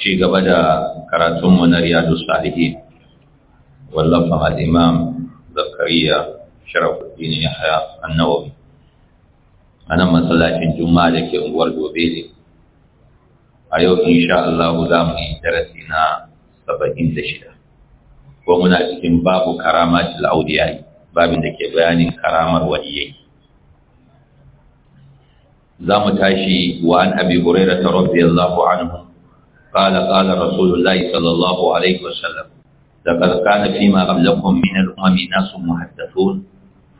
ci gaba da karatunmu na riyadu salihin wallafa al'imam zakariya sharafuddin ya haya annawawi a nan masallacin juma'a da ke unguwar gobe ne a yau insha Allah za mu yi darasi na saba'in da shida ko muna cikin babu karamatul audiyai babin da ke bayanin karamar waliyai za mu tashi wa an abi hurairah radiyallahu anhu قال قال رسول الله صلى الله عليه وسلم لقد كان فيما قبلكم من الأمم ناس محدثون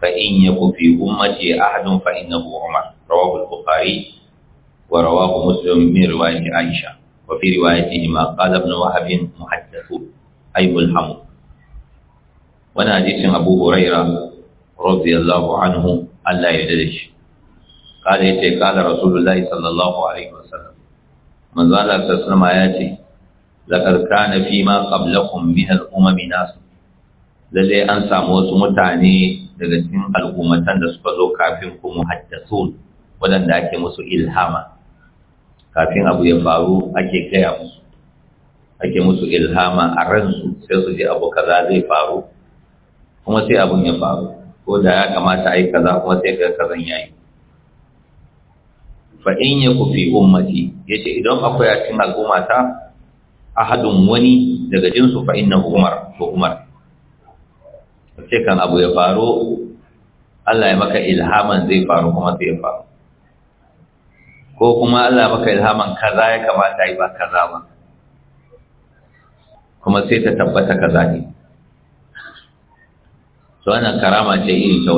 فإن يكن في أمتي أحد فإنه عمر رواه البخاري ورواه مسلم من رواية عائشة وفي روايتهما قال ابن وهب محدثون أي ملهم وناديس أبو هريرة رضي الله عنه ألا يدلش قال قال رسول الله صلى الله عليه وسلم manzo Allah sallallahu ya ce laqad kana fi ma qablakum min al-umam nas lalle an samu wasu mutane daga cikin al'ummatan da suka zo kafin ku muhaddathun wadanda ake musu ilhama kafin abu ya faru ake gaya musu ake musu ilhama a ransu sai su ji abu kaza zai faru kuma sai abun ya faru ko da ya kamata a yi kaza kuma sai ga kazan yayi fa in yaku fi ummati yace idan akwai a cikin al'umma ta ahadun wani daga jinsu fa inna umar ko umar sai kan abu ya faro Allah ya maka ilhaman zai faru kuma zai ya faru ko kuma Allah ya maka ilhaman kaza ya kamata yi ba kaza ba kuma sai ta tabbata kaza ne to wannan karama ce iri ta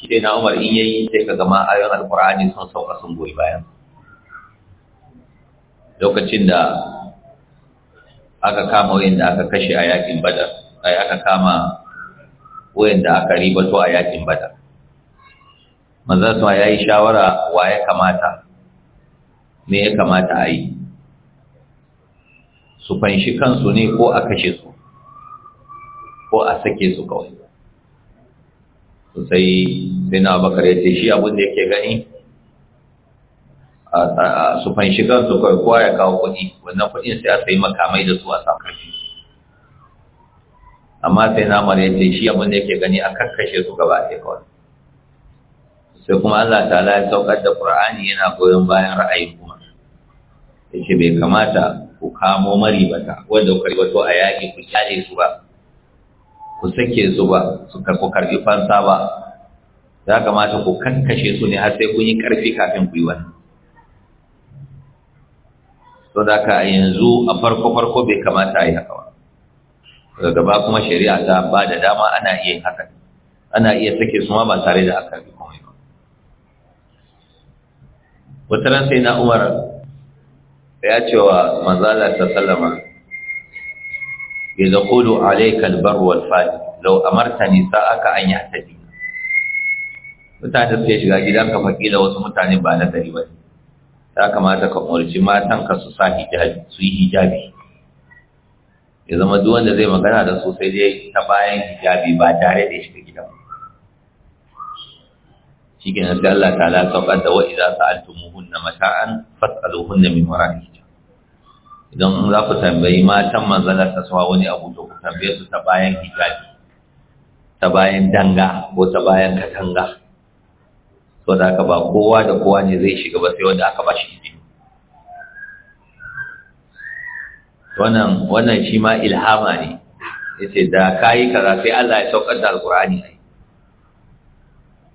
shi dai na umar in yayi sai ka gama ayon alkur'ani sun sauka sun goyi bayan lokacin da aka kama wayan da aka kashe a yakin badar ai aka kama wayan da aka ribato a yakin badar manzon ya yayi shawara wa ya kamata me ya kamata a yi su fanshi kansu ne ko a kashe su ko a sake su kawai sai sai na ya ce shi abin da yake gani A su shigar su kawai kowa ya kawo kuɗi wannan kudin sai a sai makamai da su a sa amma sai na mara ya ce shi abin da yake gani a kakkashe su gaba a kawai sai kuma Allah ta'ala ya saukar da Qur'ani yana goyon bayan ra'ayi kuma ce bai kamata ku kamo maribata wanda riba ribato a yaƙi ku kyale su ba ku sake su ba su karɓi fansa ba za kamata ku kankashe su ne har sai kun yi ƙarfi kafin ku yi wani so da ka yanzu a farko-farko bai kamata a yi haka ba daga gaba kuma shari'a ta ba da dama ana iya haka ana iya sake su ma ba tare da aka bi komai ba wata ran sai na umar ya ce wa manzala ta sallama ya kudu alaikal bar fadi lau amartani sa'aka an yi mutane suke shiga gidanka fakila wasu mutane ba na gari ba ya kamata ka umarci matan su sa hijabi su yi hijabi ya zama duk wanda zai magana da su sai dai ta bayan hijabi ba tare da shiga gidan shi ke nan Allah ta la saukar da wa'iza hunna mata'an fas'aluhunna min wara'i idan za ku tambayi matan manzanar ta suwa wani abu to ku tambaye su ta bayan hijabi ta bayan danga ko ta bayan katanga so da aka ba kowa da kowa ne zai shiga ba sai wanda aka ba shi izini wannan wannan shi ma ilhama ne yace da kayi kaza sai Allah ya saukar da alqur'ani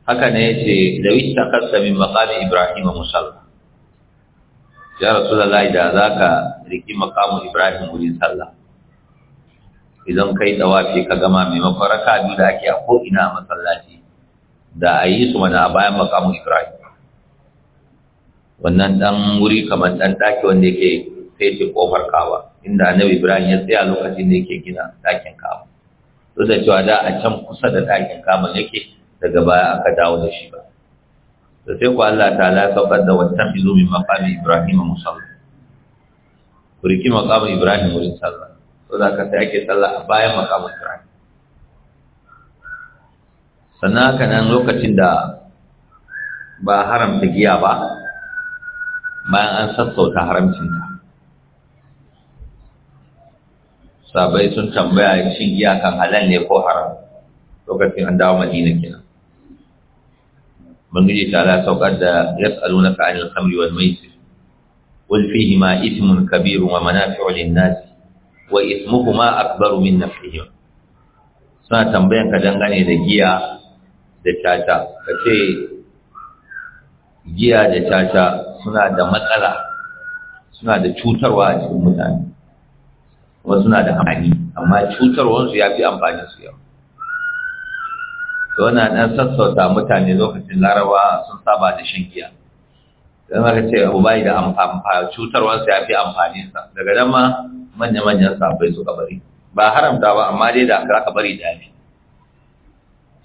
haka ne yace da kasa min maqami ibrahim musalla ya rasulullahi da zaka riki maqamu ibrahim wurin sallah idan kai tawafi ka gama mai maimakon raka'a da ake a ko ina masallaci da a yi su mana a bayan makamun ibrahim wannan dan wuri kamar dan daki wanda yake fetin kofar kawa inda annabi ibrahim ya tsaya lokacin da yake gina dakin kawa duk da cewa da a can kusa da dakin kaman yake daga baya aka dawo da shi ba da sai ku Allah ta la saukar da wancan fizo min maqami ibrahim musalla ku riki maqamin ibrahim wurin sallah to da ka sai ake sallah a bayan maqamin ibrahim sannan haka nan lokacin da ba haramta giya ba bayan an sassauta haramcinta sabai sun tambaya shin giya kan halal ne ko haram lokacin an dawo madina kenan bangiji ta ala saukar da yas'alunaka anil khamri wal maisir ma fihima ithmun kabirun wa manafi'u lin-nas wa ithmuhuma akbaru min naf'ihima suna tambayan ka dangane da giya da caca ka ce giya da caca suna da matsala suna da cutarwa a cikin mutane kuma suna da amfani amma cutarwarsu ya fi amfani su yau to na ɗan sassauta mutane lokacin larawa sun saba da shan giya don haka ce abu bai da cutarwarsa ya fi amfaninsa daga ma manya-manyan sabai suka bari ba haramta ba amma dai da aka bari da ne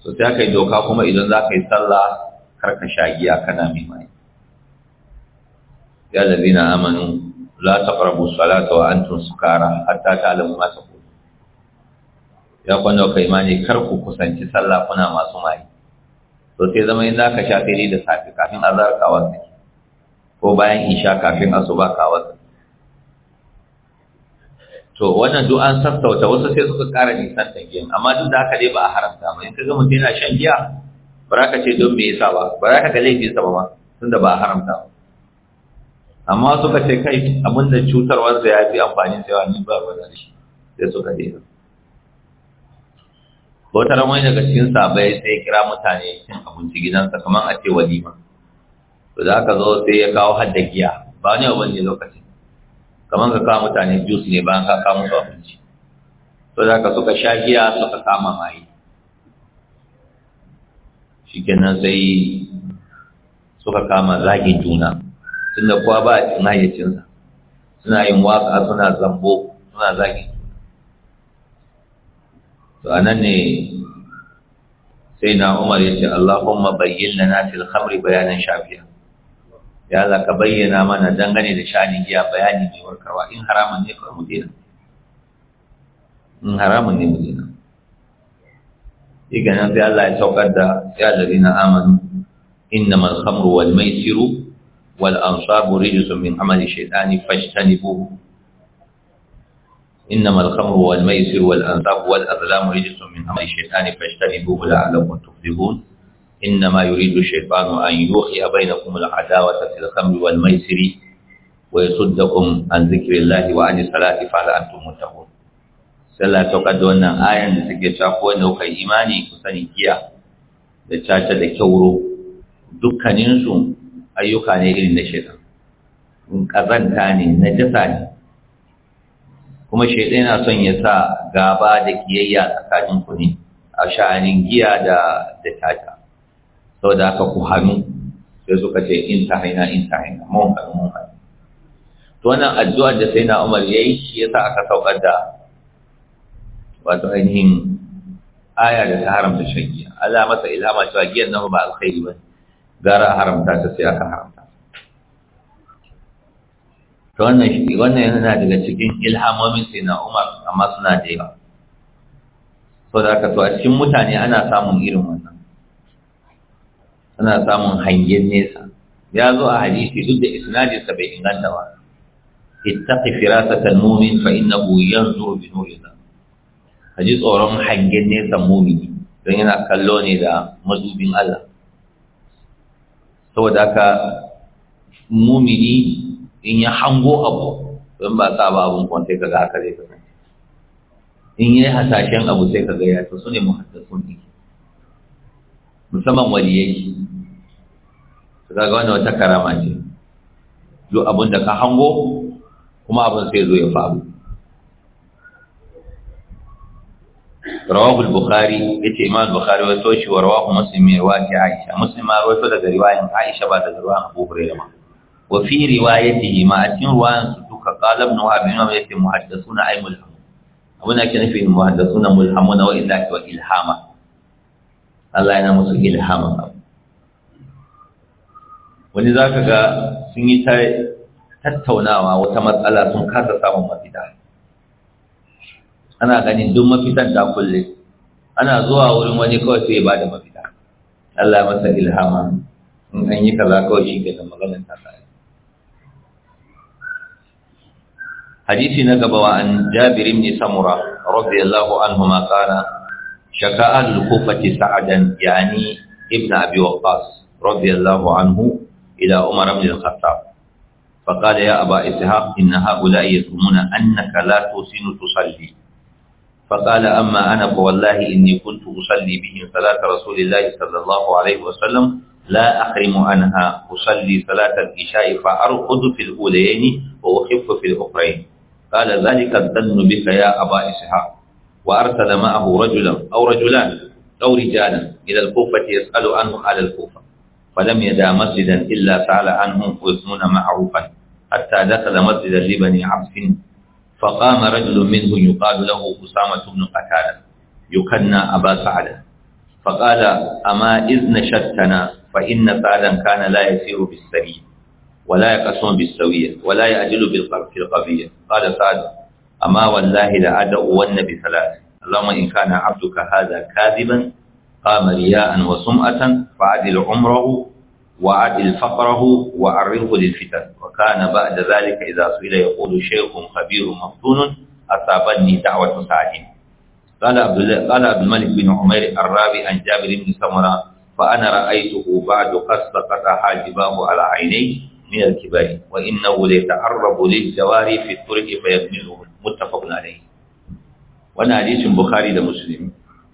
so sai aka yi doka kuma idan za ka yi sallah kar ka sha giya kana mai mai ya ladina amanu la farbu salata wa antum sukara hatta alamu ma taqulun ya kwanda kai imani kar ku kusanci sallah kuna masu mai to sai zama in zaka sha sai da safe kafin azhar ka ko bayan isha kafin asuba ka to wannan duk an sassauta wasu sai suka ƙara nisan giyan amma duk da haka dai ba a haramta ba in ka ga mutum yana shan giya ba za ka ce don me yasa ba ba za ka ga sa ba ma tunda ba a haramta ba amma suka ce kai abin da cutarwarsa ya fi amfani da yawa ni ba ba da shi sai suka daina wata ran wani daga cikin sabai sai kira mutane cin abinci gidansa kamar a ce walima to za ka zo sai ya kawo hadda giya ba ne abin ne lokacin kamar ka kawo mutane jus ne bayan ka kawo musu abinci to za ka suka sha giya suka kama maye kenan sai suka kama zagin juna tunda kowa ba a cin hayyacinsa suna yin waka suna zambo suna zagin to a nan ne sai na umar ya ce allahumma bayyin lana fil khamri bayanan shafiya ya Allah ka bayyana mana dangane da sha'anin giya bayani mai warkarwa in haramun ne ka mu dena in haramun ne mu dena iga nan sai Allah ya saukar da ya ladina amanu innama al-khamru wal maisiru wal ansabu rijsun min amali shaytani fajtanibuhu إنما الخمر والميسر والأنصاب والأظلام رجس من أمر الشيطان فاجتنبوه لعلكم تفلحون إنما يريد الشيطان أن يوحي بينكم العداوة في الخمر والميسر ويصدكم عن ذكر الله وعن الصلاة فهل أنتم منتهون sallah ta da wannan ayan da suke cewa ko wanda kuka imani ku sani giya da caca da kyauro dukkaninsu ayyuka ne irin na shaitan in kazanta ne na jasa ne kuma shaitan yana son ya sa gaba da kiyayya tsakanin ku ne a sha'anin giya da da caca saboda aka ku hannu sai suka ce in ta haina in ta haina mun hannu mun hannu to wannan addu'ar da sai na umar ya yi shi ya sa aka saukar da wato ainihin aya da ta haramta shan giya Allah masa ilhama cewa giyan nan ba alkhairi ba gara haramta ta sai aka haramta to wannan shi wannan yana daga cikin ilhamomin sai na umar amma suna da yawa saboda haka to a cikin mutane ana samun irin wannan suna samun hangen nesa ya zo a hadisi duk da isnadinsa bai inganta ba ittaqi al mu'min fa innahu yanzuru bi nurina haji tsoron hangen nesa mumini don yana kallo ne da mazubin Allah saboda ka mumini in ya hango abu don ba sa ba abun kwantai kaga haka zai kasance in yi hasashen abu sai kaga ya to su ne muhaddasun ne musamman waliyai kaga wannan wata karama ce duk abin da ka hango kuma abin sai zo ya faru rawahul bukhari yace imam bukhari wa toshi wa rawahu muslim min riwayati aisha muslim ma rawaito daga riwayan aisha ba daga riwayan abu hurairah ba wa fi riwayatihi ma atin riwayan su duka qala ibn wahab ibn wahab yace muhaddathuna ay mulham abun da ke nufi muhaddathuna mulhamuna wa illa wa ilhama Allah yana musu ilhama wani za ka ga sun yi ta tattaunawa wata matsala sun kasa samun mafita ana ganin duk mafitan ta kulle ana zuwa wurin wani kawai sai ba da mafita Allah masa ilhama in an yi kaza kawai shi ke maganin ta tsari hadisi na gaba wa an jabir ibn samura radiyallahu anhu ma kana shaka al-kufati sa'adan yani ibn abi waqqas radiyallahu anhu ila Umar ibn al-Khattab fa qala ya Aba Ishaq inna ha'ula yasumuna annaka la tusinu tusalli fa qala amma ana fa wallahi inni kuntu usalli bihim salata rasulillahi sallallahu alayhi wa sallam la akhrimu anha usalli salata al-isha'i fa arqudu fil ulayni wa ukhiffu fil ukhrayn qala dhalika dhannu bika ya Aba Ishaq wa arsala ma'ahu rajulan aw rajulan aw rijalan ila al-kufah yas'alu anhu ala al-kufah فلم يدع مسجدا إلا سأل عنه ويسمون معروفا حتى دخل مسجدا لبني عبس فقام رجل منه يقال له أسامة بن قتادة يكنى أبا سعد فقال أما إذ نشدتنا فإن سعدا كان لا يسير بالسرية ولا يقسم بالسوية ولا يأجل بالقبية قال سعد أما والله لأدعون بثلاث اللهم إن كان عبدك هذا كاذبا قام رياء وسمعة فعدل عمره وعدل فقره وعرضه للفتن وكان بعد ذلك إذا سئل يقول شيخ خبير مفتون أصابني دعوة سعد قال عبد قال عبد الملك بن عمير الرابي عن جابر بن سمرة فأنا رأيته بعد قص قطع حاجباه على عينيه من الكبار وإنه ليتعرب للجواري في الطرق فيكملهم متفق عليه وانا حديث البخاري لمسلم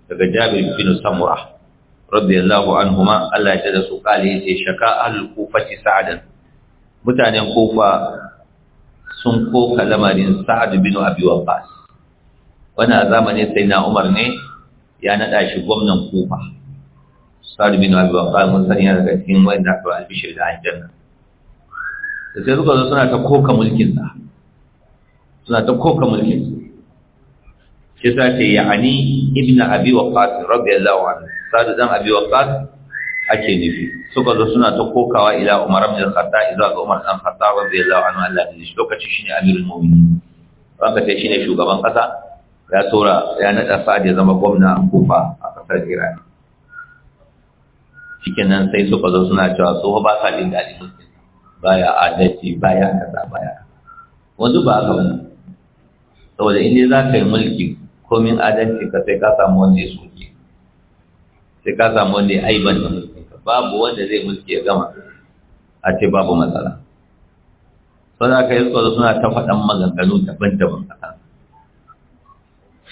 daga Jabir bin Samura radiyallahu anhuma Allah ya tada su kale yace shaka ahlul kufati sa'adan mutanen kufa sun koka lamarin sa'ad bin abi waqas wannan zamanin na Umar ne ya nada shi gwamnan kufa sa'ad bin abi waqas mun sani daga cikin wanda aka albishir da aljanna sai suka zo suna ta koka mulkin sa suna ta koka mulkin shi sa ce ya'ani ibnu abi waqas radiyallahu anhu sadu dan abi waqas ake nufi suka zo suna ta kokawa ila umar ibn al-khattab idza ga umar dan khattab radiyallahu anhu Allah ne shi lokaci shine amirul mu'minin ranka sai shine shugaban kasa ya tura ya nada sa'ad ya zama gwamna kufa a kasar iran cikin nan sai suka zo suna cewa tsoho ba sa jin daɗi baya adalci baya kaza baya wanzu ba haka wani saboda inda za ka yi mulki komin adalci ka sai ka samu wanda ya soke sai ka samu wanda ya aiban da mulkinka babu wanda zai mulki ya gama a ce babu matsala sau da aka yi tsoro suna ta faɗan maganganu daban-daban a kan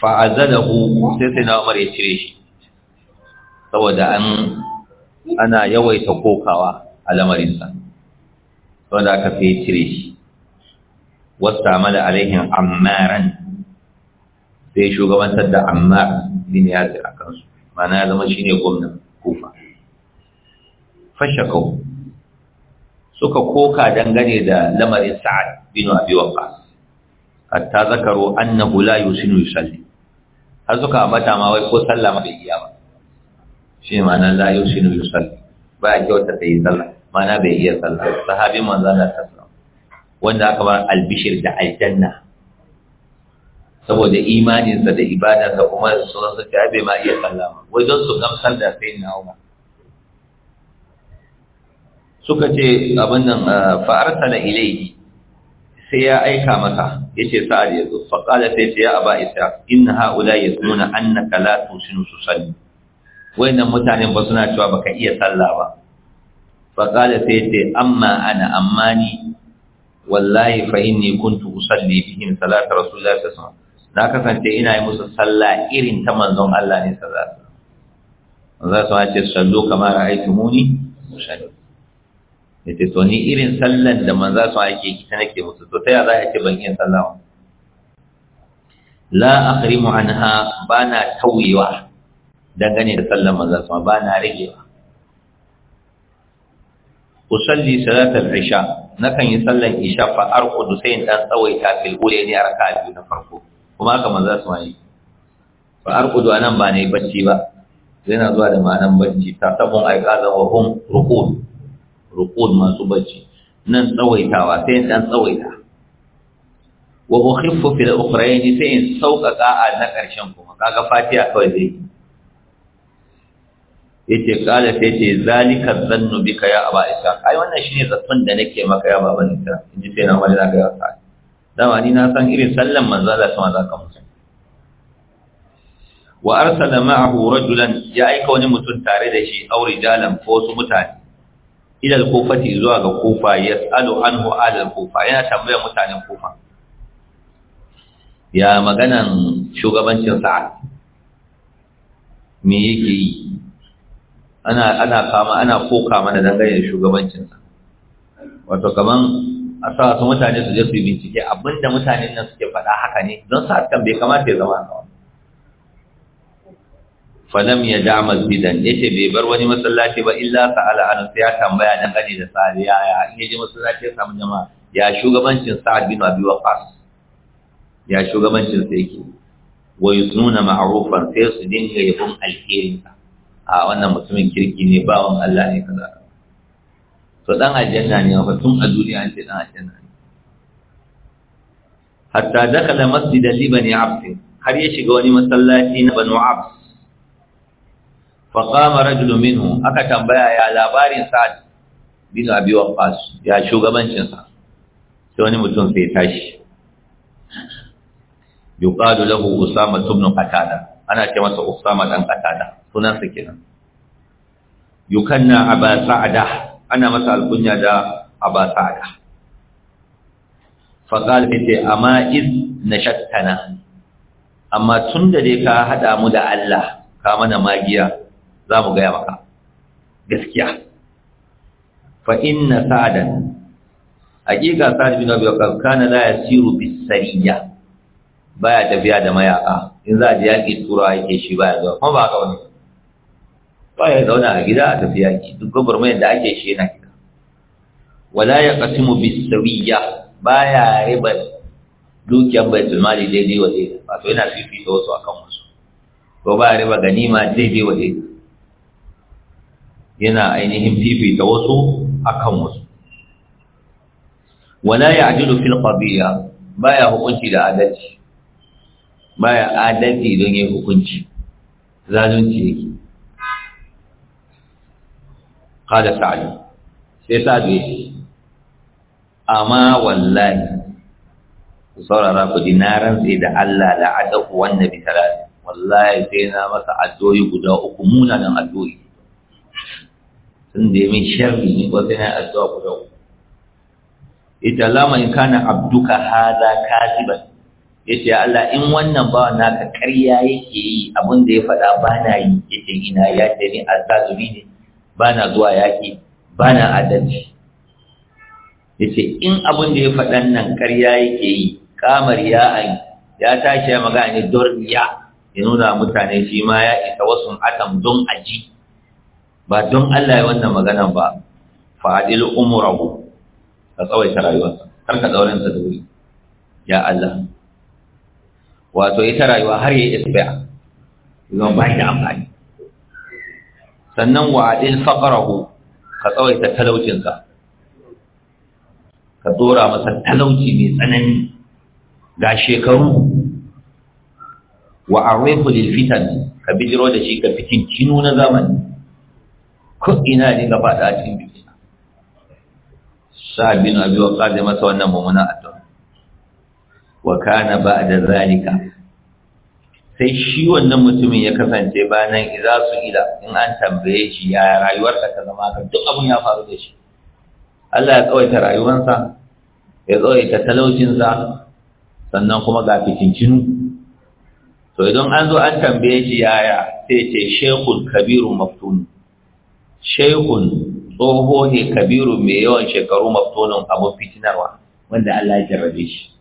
fa'azadahu sai sai na umar ya cire shi saboda an ana yawaita kokawa a lamarinsa da aka sai cire shi wasu amala alaihin ammaran Sai ya shugabantar da ammar bin yasir a kansu mana ya zama shi ne gwamnan kufa fashakau suka koka dangane da lamarin sa'ad bin abi waqas hatta zakaru annahu la yusinu yusalli har suka ambata ma wai ko sallah ma bai iya ba shi ma'ana la yusinu yusalli ba ya kyauta ta yi sallah ma'ana bai iya sallah sahabin manzo Allah ta sallah wanda aka bar albishir da aljanna saboda imaninsa da ibadarsa kuma su zo su ta bai ma iya sallama wai don su gamsar da sai na umar suka ce abin nan fa'arta na ilaihi sai ya aika maka, ya ce sa'ad ya zo faƙala sai ce ya aba isa inna ha'ula ya nuna annaka la tusinu su salli wayannan mutanen ba suna cewa baka iya sallah ba faƙala sai ce amma ana amma ni wallahi fa inni kuntu usalli bihim salata rasulillahi sallallahu alaihi wasallam na kasance ina yi musu sallah irin ta manzon Allah ne sa alaihi wasallam za su ce sallu kamar muni? usalli yace to ni irin sallan da manza su ake ita nake musu to ta ya za a ce ban yi sallah la akhrimu anha bana tauyewa dangane da sallan manza su bana rigewa usalli salatul isha nakan yi sallan isha fa arqudu sai dan tsawaita fil ulayni raka'a biyu na farko kuma haka manzo su wani fa arqudu nan ba ne bacci ba yana zuwa da ma'anan bacci ta sabon aika wa hum ruqud masu bacci nan tsawaitawa sai dan tsawaita wa ukhiffu fil ukhrayn sai in sauƙaƙa a na ƙarshen kuma kaga fatiya kawai zai yace kala sai ce zalika zannu bika ya aba isa ai wannan shine zaton da nake maka ya baban ita inji sai na mallaka ya sa dama ni na san irin sallan manzo Allah sama za ka musu wa arsala ma'ahu rajulan ya aika wani mutum tare da shi aure rijalan ko su mutane ila al-kufati zuwa ga kufa yasalu anhu ala al-kufa yana tambaya mutanen kufa ya maganan shugabancin me yake yi ana ana kama ana koka mana dangane da shugabancinsa wato kaman a sa su mutane su je su yi bincike abinda mutanen nan suke faɗa haka ne don sa hakan bai kamata ya zama kawai falam ya dama masjidan yace bai bar wani masallaci ba illa sa'ala an sai ya tambaya dan gani da sa'ali ya ya in yaje masallaci ya samu jama'a ya shugabancin sa'ad bin abi waqas ya shugabancin sa yake wa yusnuna ma'rufan sai su dinga yabon alheri a wannan mutumin kirki ne bawan Allah ne kaza to dan aljanna ne fa tun a duniya an ce dan aljanna ne hatta dakala masjida li bani abd har ya shiga wani masallaci na banu abd fa qama rajulun minhu aka tambaya ya labarin sa'ad bin abi waqqas ya shugabancin sa sai wani mutum sai tashi yuqalu lahu usama ibn qatada ana ce masa usama dan qatada sunansa kenan yukanna aba sa'ada ana masa alkunya da aba sa'ada faqal bi amma iz nashattana amma tun da dai ka haɗa mu da Allah ka mana magiya za mu gaya maka gaskiya fa inna sa'adan hakika sa'ad bin abi waqas kana la yasiru bis Ba ya tafiya da mayaka in za a ji yaki tura yake shi baya zuwa kuma ba haka wani ba ya zauna a gida a tafiya ki, duk gwagwarmayar da ake shi na gida wala ya kasimu bisawiya ba ya riba dukiyar baitul mali daidai wa daidai wato yana fifita wasu akan wasu ko ba ya riba ganima daidai wa daidai yana ainihin fifita wasu akan wasu wala ya ajilu fil ba ya hukunci da adalci ya adalci don yin hukunci zalunci yake kada sa'adu sai sa'adu ya ce amma wallahi ku saurara ku ji na rantse da Allah da adaku wannan bitarari wallahi sai na masa addu'o'i guda uku nan addu'o'i sun da min sharri ne ko sai na addu'a guda uku ita lama in kana abduka hadha kadiban yace Allah in wannan ba naka ƙarya yake yi abin da ya faɗa ba na yi yace ina ya ce ni azzalumi ne ba na zuwa yaƙi ba na adalci ya ce in abin da ya faɗan nan karya yake yi kamar ya an ya tashi ya magana ne don ya ya nuna mutane shi ma ya isa wasu atam don aji ba don Allah ya wannan magana ba fa'adil umurahu ka tsawaita rayuwarsa kar ka ɗaurinsa da wuri ya Allah wato ita rayuwa har ya isa isbiya ba da amfani sannan wa adil faqrahu ka tsawaita talaucinsa ka tsora masa talauci mai tsanani ga shekaru wa arifu lil fitan ka bijiro da shi ka fitin kinu na zamani ko ina ne ga fada a cikin biki sa'abin abi wa qadi masa wannan mumuna addu'a wa kana da zalika sai shi wannan mutumin ya kasance bayan su ila in an tambaye shi ya rayuwarsa ta zama ka duk abun ya faru da shi Allah ya tsawaita rayuwarsa ya tsawaita talaucinsa sannan kuma ga fitincinu to idan an zo an tambaye shi yaya sai ce shekul kabirun maftun shekul tsoho ne kabirun mai yawan shekaru maftunan abun fitinarwa wanda Allah ya jarrabe shi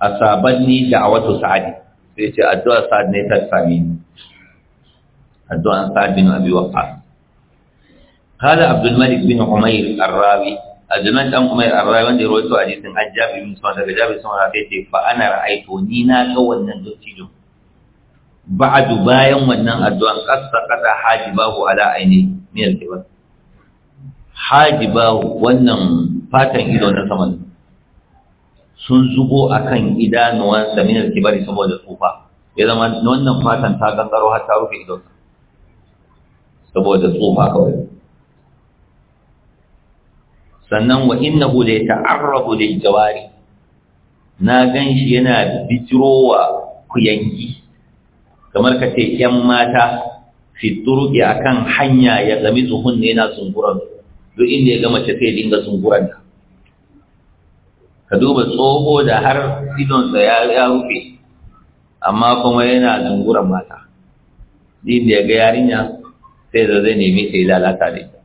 asabanni da'awatu sa'adi sai ce addu’ar sa'ad ne ta sami ni sa'ad bin abi waqqas kada abdul malik bin umair ar-rawi azman dan umair ar-rawi wanda ya rawaito hadisin an jabir bin sunan daga jabi sun rafi ce fa ana ra'aytu ni na ga wannan dattijo ba'du bayan wannan addu'an qasta qada babu ala aini min al-qibla hajibahu wannan fatan ido na saman sun zubo a kan idanuwansa min al-kibari saboda tsufa ya zama wannan fatan ta gangaro har ta rufe idonsa saboda tsufa kawai sannan wa innahu la ta'arrabu da jawari na gan shi yana bijirowa kuyangi kamar ka ce yan mata fi a kan hanya ya zami zuhun ne yana zunguran duk inda ya gama mace sai dinga zunguran ta ka duba tsoho da har idonsa ya rufe amma kuma yana zunguran mata din da ya ga yarinya sai da zai nemi sai lalata da ita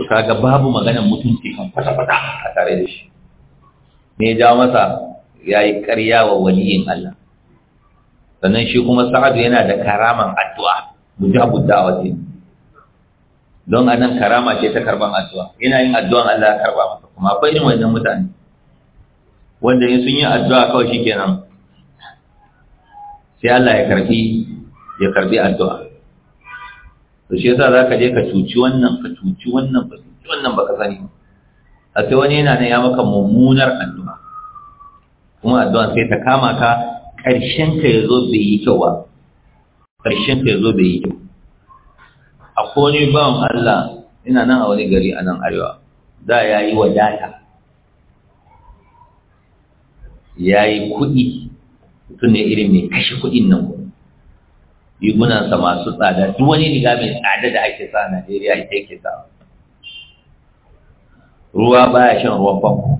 to kaga babu maganar mutunci kan fata-fata a tare da shi ne ya jawo masa ya yi karya wa waliyin Allah sannan shi kuma sa'adu yana da karaman addu'a mujabud da'awati don anan karama ce ta karban addu'a yana yin addu'an Allah ya karba masa kuma akwai irin wannan mutane wanda in sun yi addu'a kawai shikenan sai Allah ya karbi ya karbi addu'a to shi yasa zaka je ka cuci wannan ka cuci wannan ka cuci wannan baka sani a sai wani yana nan ya maka mummunar addu'a kuma addu'a sai ta kama ka ƙarshen ka ya zo bai yi kyau ba ƙarshen ka yazo bai yi kyau a wani bawan Allah ina nan a wani gari a nan arewa da ya yi wadata ya yi kuɗi mutum ne irin mai kashe kuɗin nan rigunansa masu tsada duk wani riga mai tsada da ake sa a Najeriya ita yake sa ruwa baya shan ruwan famfo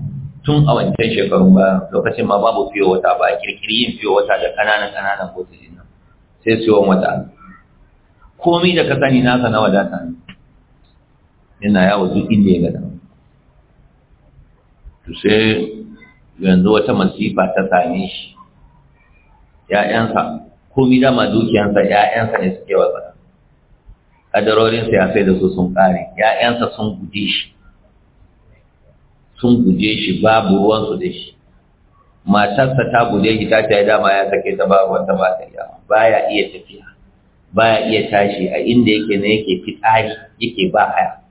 tun a wancan shekarun baya, lokacin ma babu fiye wata ba kirkiri yin fiye wata da kananan kananan botulina sai siyon wata Komi da ka sani nasa na wadata ne yana yawo duk inda ya gada to sai yanzu wata masifa ta same shi ‘ya'yansa komi dama dukiyansa ‘ya'yansa ne suke wasa ƙadarorinsa ya sai da su sun kare. ‘ya'yansa sun guje shi sun guje shi babu ruwansu da shi matarsa ta guje shi ta ce dama ya sake ta babu wata ba ta ba ya iya tafiya baya iya tashi a inda yake ne yake fitari yake ba haya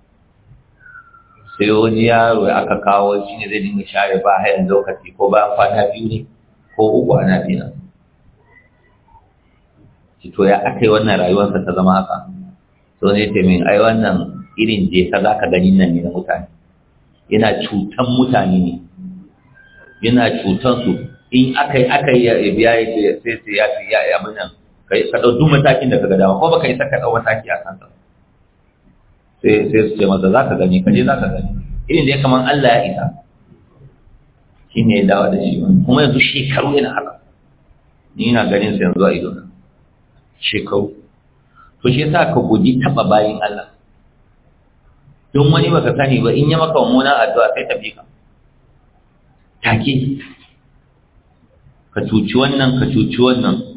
sai wani yaro aka kawo shi ne zai dinga share ba hayan lokaci ko bayan kwana biyu ne ko uku ana biya to ya aka yi wannan rayuwarsa ta zama haka to ne ta min ai wannan irin je ka za ka gani nan ne na mutane yana cutan mutane ne yana cutan su in aka yi aka yi ya biya ya sai sai ya fi ya abin kai ka ɗau duk matakin da ka ga dama ko baka isa ka ɗau mataki a kansa sai sai su ce masa za ka gani kaje za ka gani irin da ya kaman Allah ya isa shi ne ya dawo da shi kuma yanzu shekaru yana haka ni ina ganin sa yanzu a ido na shekaru to shi yasa ka guji taɓa bayin Allah don wani baka sani ba in ya maka mummuna addu'a sai ta bi ka take ka cuci wannan ka cuci wannan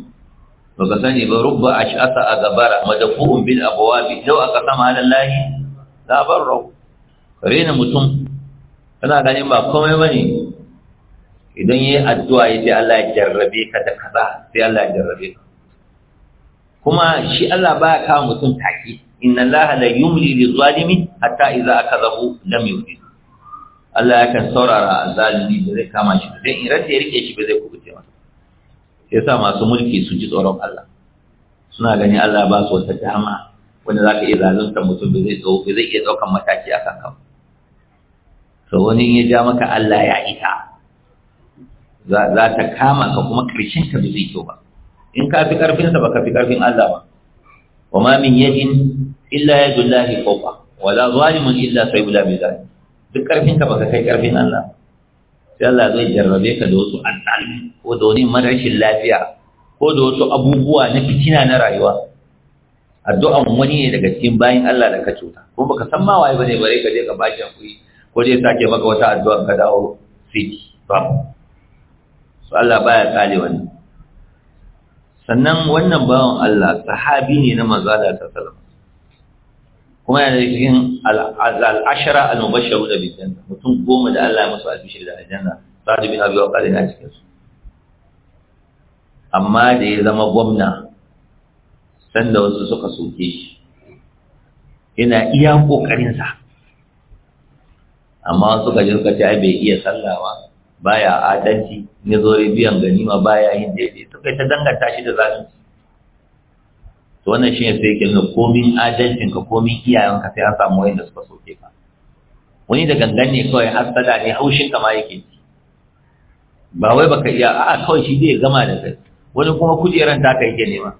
baka sani ba rubba a ash'asa agabara madfu'un bil abwabi law aqsama ala llahi la Kare ni mutum kana ganin ba komai ne. idan yi addu'a ya yace Allah ya jarrabe ka da kaza sai Allah ya jarrabe ka kuma shi Allah ba ya kawo mutum taki inna Allah la yumli lil zalimi hatta idza akazahu lam yumli Allah ya yakan saurara azzalimi da zai kama shi da in rade rike shi ba zai kubuce ba. ya sa masu mulki su ji tsoron Allah suna ganin Allah ba su wata dama wanda za ka iya zalunta mutum bai zai iya ɗaukan mataki a kanka to wani ya ja maka Allah ya ita za ta kama ka kuma ƙarshen ka bai zai kyau ba in ka fi ƙarfinsa ba ka fi ƙarfin Allah ba wa ma min yadin illa yadullahi kofa wala zalimun illa bai mizan duk ƙarfinka ba ka kai ƙarfin Allah ba sai Allah zai jarrabe ka da wasu al'adu ko da wani marashin lafiya ko da wasu abubuwa na fitina na rayuwa addu'an wani ne daga cikin bayin Allah da ka cuta ko baka san ma waye bane bare ka je ka baki hakuri ko dai sake maka wata addu'a ka dawo fiti Ba so Allah baya kale wannan sannan wannan bawan Allah sahabi ne na manzo Allah sallallahu alaihi wasallam kuma yana cikin al'ashara al-mubashsharu da bijan mutum goma da Allah ya masu albishir da aljanna sa'ad bin abi waqas yana cikin su amma da ya zama gwamna sanda wasu suka soke shi yana iya kokarin sa amma suka ji suka ce ai bai iya sallawa baya adalci ne zo biyan ganima baya yin daidai suka ta danganta shi da zalunci to wannan shi ne sai ke nuna komin adalcin ka komin iyayen ka sai an samu wayanda suka soke ka wani da gangan ne kawai sada ne haushin ka ma yake ba wai baka iya a'a kawai shi zai gama da kai wani kuma kujeran ta kai ke nema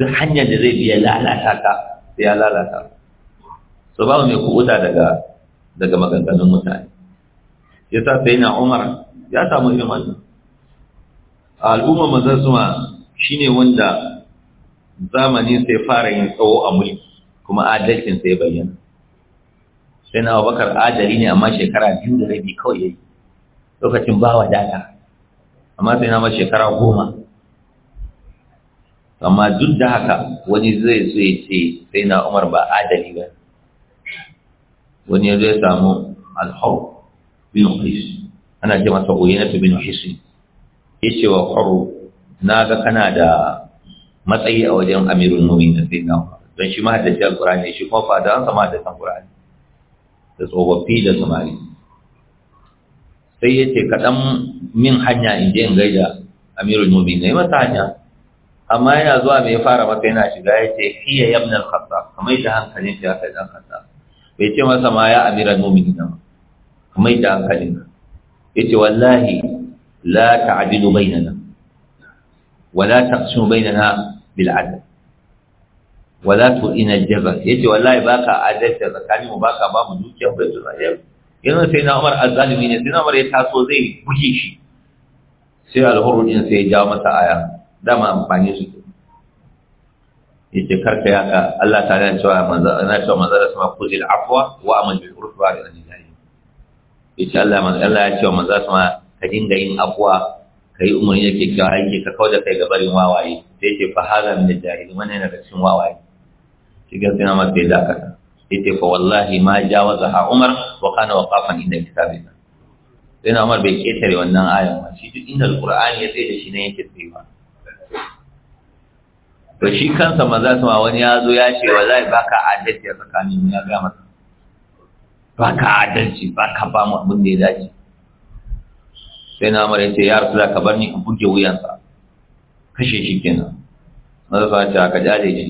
duk hanyar da zai biya lalata ka sai ya lalata so babu mai kubuta daga daga maganganun mutane ya sa sai na umar ya samu irin wannan al'umma mazan suma shine wanda zamani sai fara yin tsawo a mulki kuma adalcin sai bayyana sai na abubakar adali ne amma shekara biyu da rabi kawai yayi lokacin ba wadata amma sai na shekara goma amma duk da haka wani zai so ya ce sai na umar ba adali ba wani ya zai samu alhau bin his ana ce masa oyenatu bin hisi ya ce wa kwaro na ga kana da matsayi a wajen amirul mu'minin sai na don shi mahaddaci alqur'ani shi kuma fadawan sa mahaddacin qur'ani da tsofaffi da samari sai ya ce kaɗan min hanya in je in gaida amirul na yi masa hanya amma yana zuwa mai fara masa yana shiga ya ce hiya yabn al-khattab kamar da hankalin shi haka dan khattab bai ce masa ma ya amirul mu'minin kamar da hankalin ya ce wallahi la ta'dilu bainana ولا تقسم بيننا bil adl wala tu ina jaza yace wallahi baka adalta tsakanin mu baka ba mu dukiyar baitul mali yanzu sai na Umar azzalimi ne sai na Umar ya taso zai buge shi sai alhurun din sai ya jawo masa aya dama amfani su yace karka yaka Allah ta yana cewa manzo ana cewa manzo da sama kuzil afwa wa amal bil urfi wa anil yace Allah manzo Allah ya cewa manzo sama ka dinga yin afwa kai umarni da kyakkyawan aiki ka kawo da kai ga barin wawaye sai ce fa hada min jahil wannan yana da cikin wawaye shi gaskiya ma sai dakata yace fa wallahi ma ha umar wa kana waqafan inda kitabillah sai na umar bai ketare wannan ayan ba shi duk inda alqur'ani ya tsaye da shi ne yake tsayewa to shi kansa maza ma wani ya zo ya ce wallahi baka adalci a tsakanin ya ga masa baka adalci baka ba mu abin da ya dace sai na mara yace ya rasu ka bar ni in buge wuyansa kashe shi kenan mazafa ta ka jale shi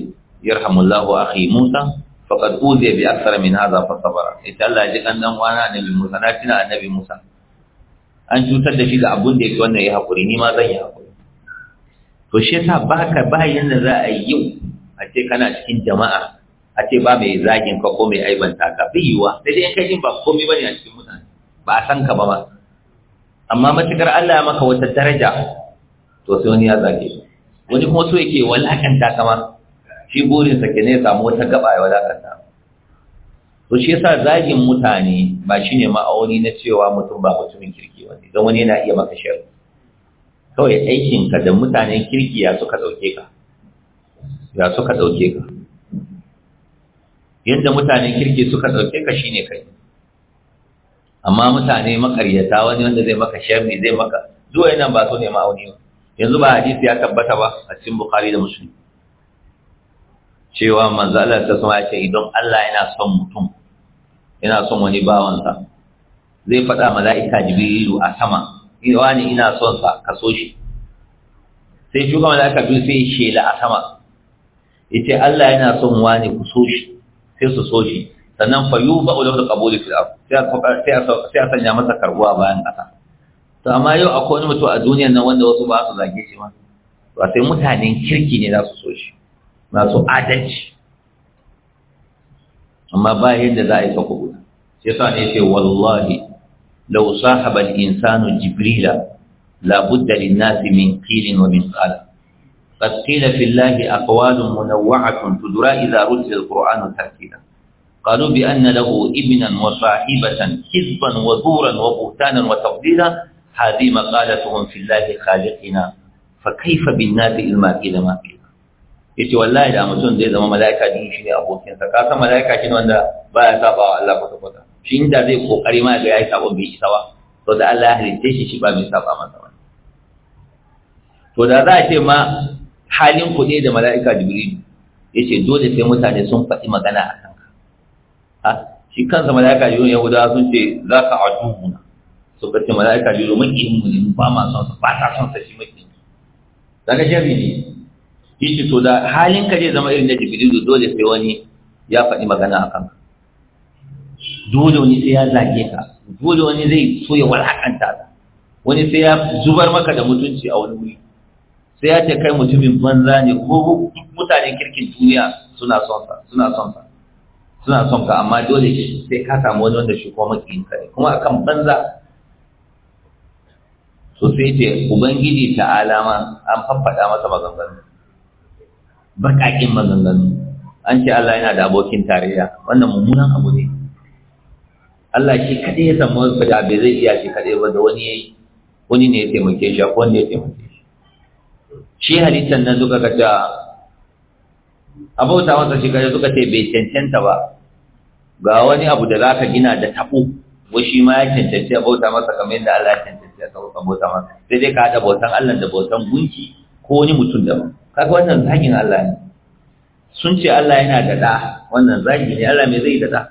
yarhamullahu akhi musa faqad uziya bi akthar min hadha fa sabara ita Allah ji kan dan wana annabi musa na tuna annabi musa an cutar da shi da abun da yake wannan ya hakuri ni ma zan yi hakuri to shi yasa baka ba da za a yi yau a ce kana cikin jama'a a ce ba mai zagin ka ko mai aibanta ka bai yiwa Da dai kai jin ba komai bane a cikin mutane ba a san ka ba ma amma matukar Allah ya maka wata daraja to sai wani ya zage wani kuma so yake walakanta kama shi sa ke ne ya samu wata gaba ya walakanta to shi yasa zagin mutane ba shine ma'auni na cewa mutum ba mutumin kirki wani don wani yana iya maka sharri kawai aikinka da mutanen kirki ya suka dauke ka ya suka dauke ka yadda mutanen kirki suka dauke ka shine kai amma mutane makaryata wani wanda zai maka sharri zai maka zuwa yana ba so ne ma'auni ba yanzu ba hadisi ya tabbata ba a cikin bukhari da musulmi cewa manzo Allah ta sama ce idan Allah yana son mutum yana son wani bawansa zai faɗa mala'ika jibrilu a sama wani ina son sa ka so shi sai shuka mala'ika biyu sai shela a sama yace Allah yana son wani ku so shi sai su so shi sannan fa yufa ulahu da qabuli fil ard sai a sanya masa karbuwa bayan kasa to amma yau akwai wani mutum a duniyar nan wanda wasu ba su zage shi ma to sai mutanen kirki ne za su so shi masu adalci amma ba yadda za a yi sako guda sai sa ne ce wallahi law sahaba al-insanu jibrila la budda lin-nasi min qilin wa min qala قد قيل في الله أقوال منوعة تدرى إذا رتل القرآن ترتيلا قالوا بأن له ابنا وصاحبة حزبا وزورا وبهتانا وتقديرا هذه مقالتهم في الله خالقنا فكيف بالناس الماكيد ماكيد yace wallahi da mutum zai zama mala'ika din shi ne abokin sa ka san mala'ika shi wanda baya saba wa Allah kwata kwata shi inda zai kokari ma ga yayi sabon bai to da Allah ya halitta shi shi ba mai saba masa to da za a ce ma halin kuɗi da mala'ika jibril yace dole sai mutane sun faɗi magana shi kansa mala'ika jibril yahudawa sun ce za ka adubuna suka ce mala'ika jibril maki yin ne ba ma son sa ba ta son sa shi makiyin daga sharri ne shi ce to da halin ka zai zama irin da jibril dole sai wani ya faɗi magana a kanka dole wani sai ya zage ka dole wani zai so ya walakanta ka wani sai ya zubar maka da mutunci a wani wuri sai ya ce kai mutumin banza ne ko mutanen kirkin duniya suna son sa suna son sa suna son ka amma dole shi sai ka samu wani wanda shi kuma makiyin ka ne kuma akan banza so sai ce ubangiji ta alama an faffada masa maganganu baƙaƙin maganganu an ce Allah yana da abokin tarayya wannan mummunan abu ne Allah shi kaɗai ya samu wasu da bai zai iya shi kaɗai ba da wani yayi wani ne ya taimake shi ko wanda ya taimake shi shi halittar nan duka kaca a bauta masa shi kaje suka ce bai cancanta ba ga wani abu da za ka gina da tabo ko shi ma ya cancanci a bauta masa kamar yadda Allah ya cancanci a sauka bauta masa sai dai ka haɗa bautan Allah da bautan gunki ko wani mutum daban kaga wannan zagin Allah ne sun ce Allah yana da da wannan zagi ne Allah mai zai da da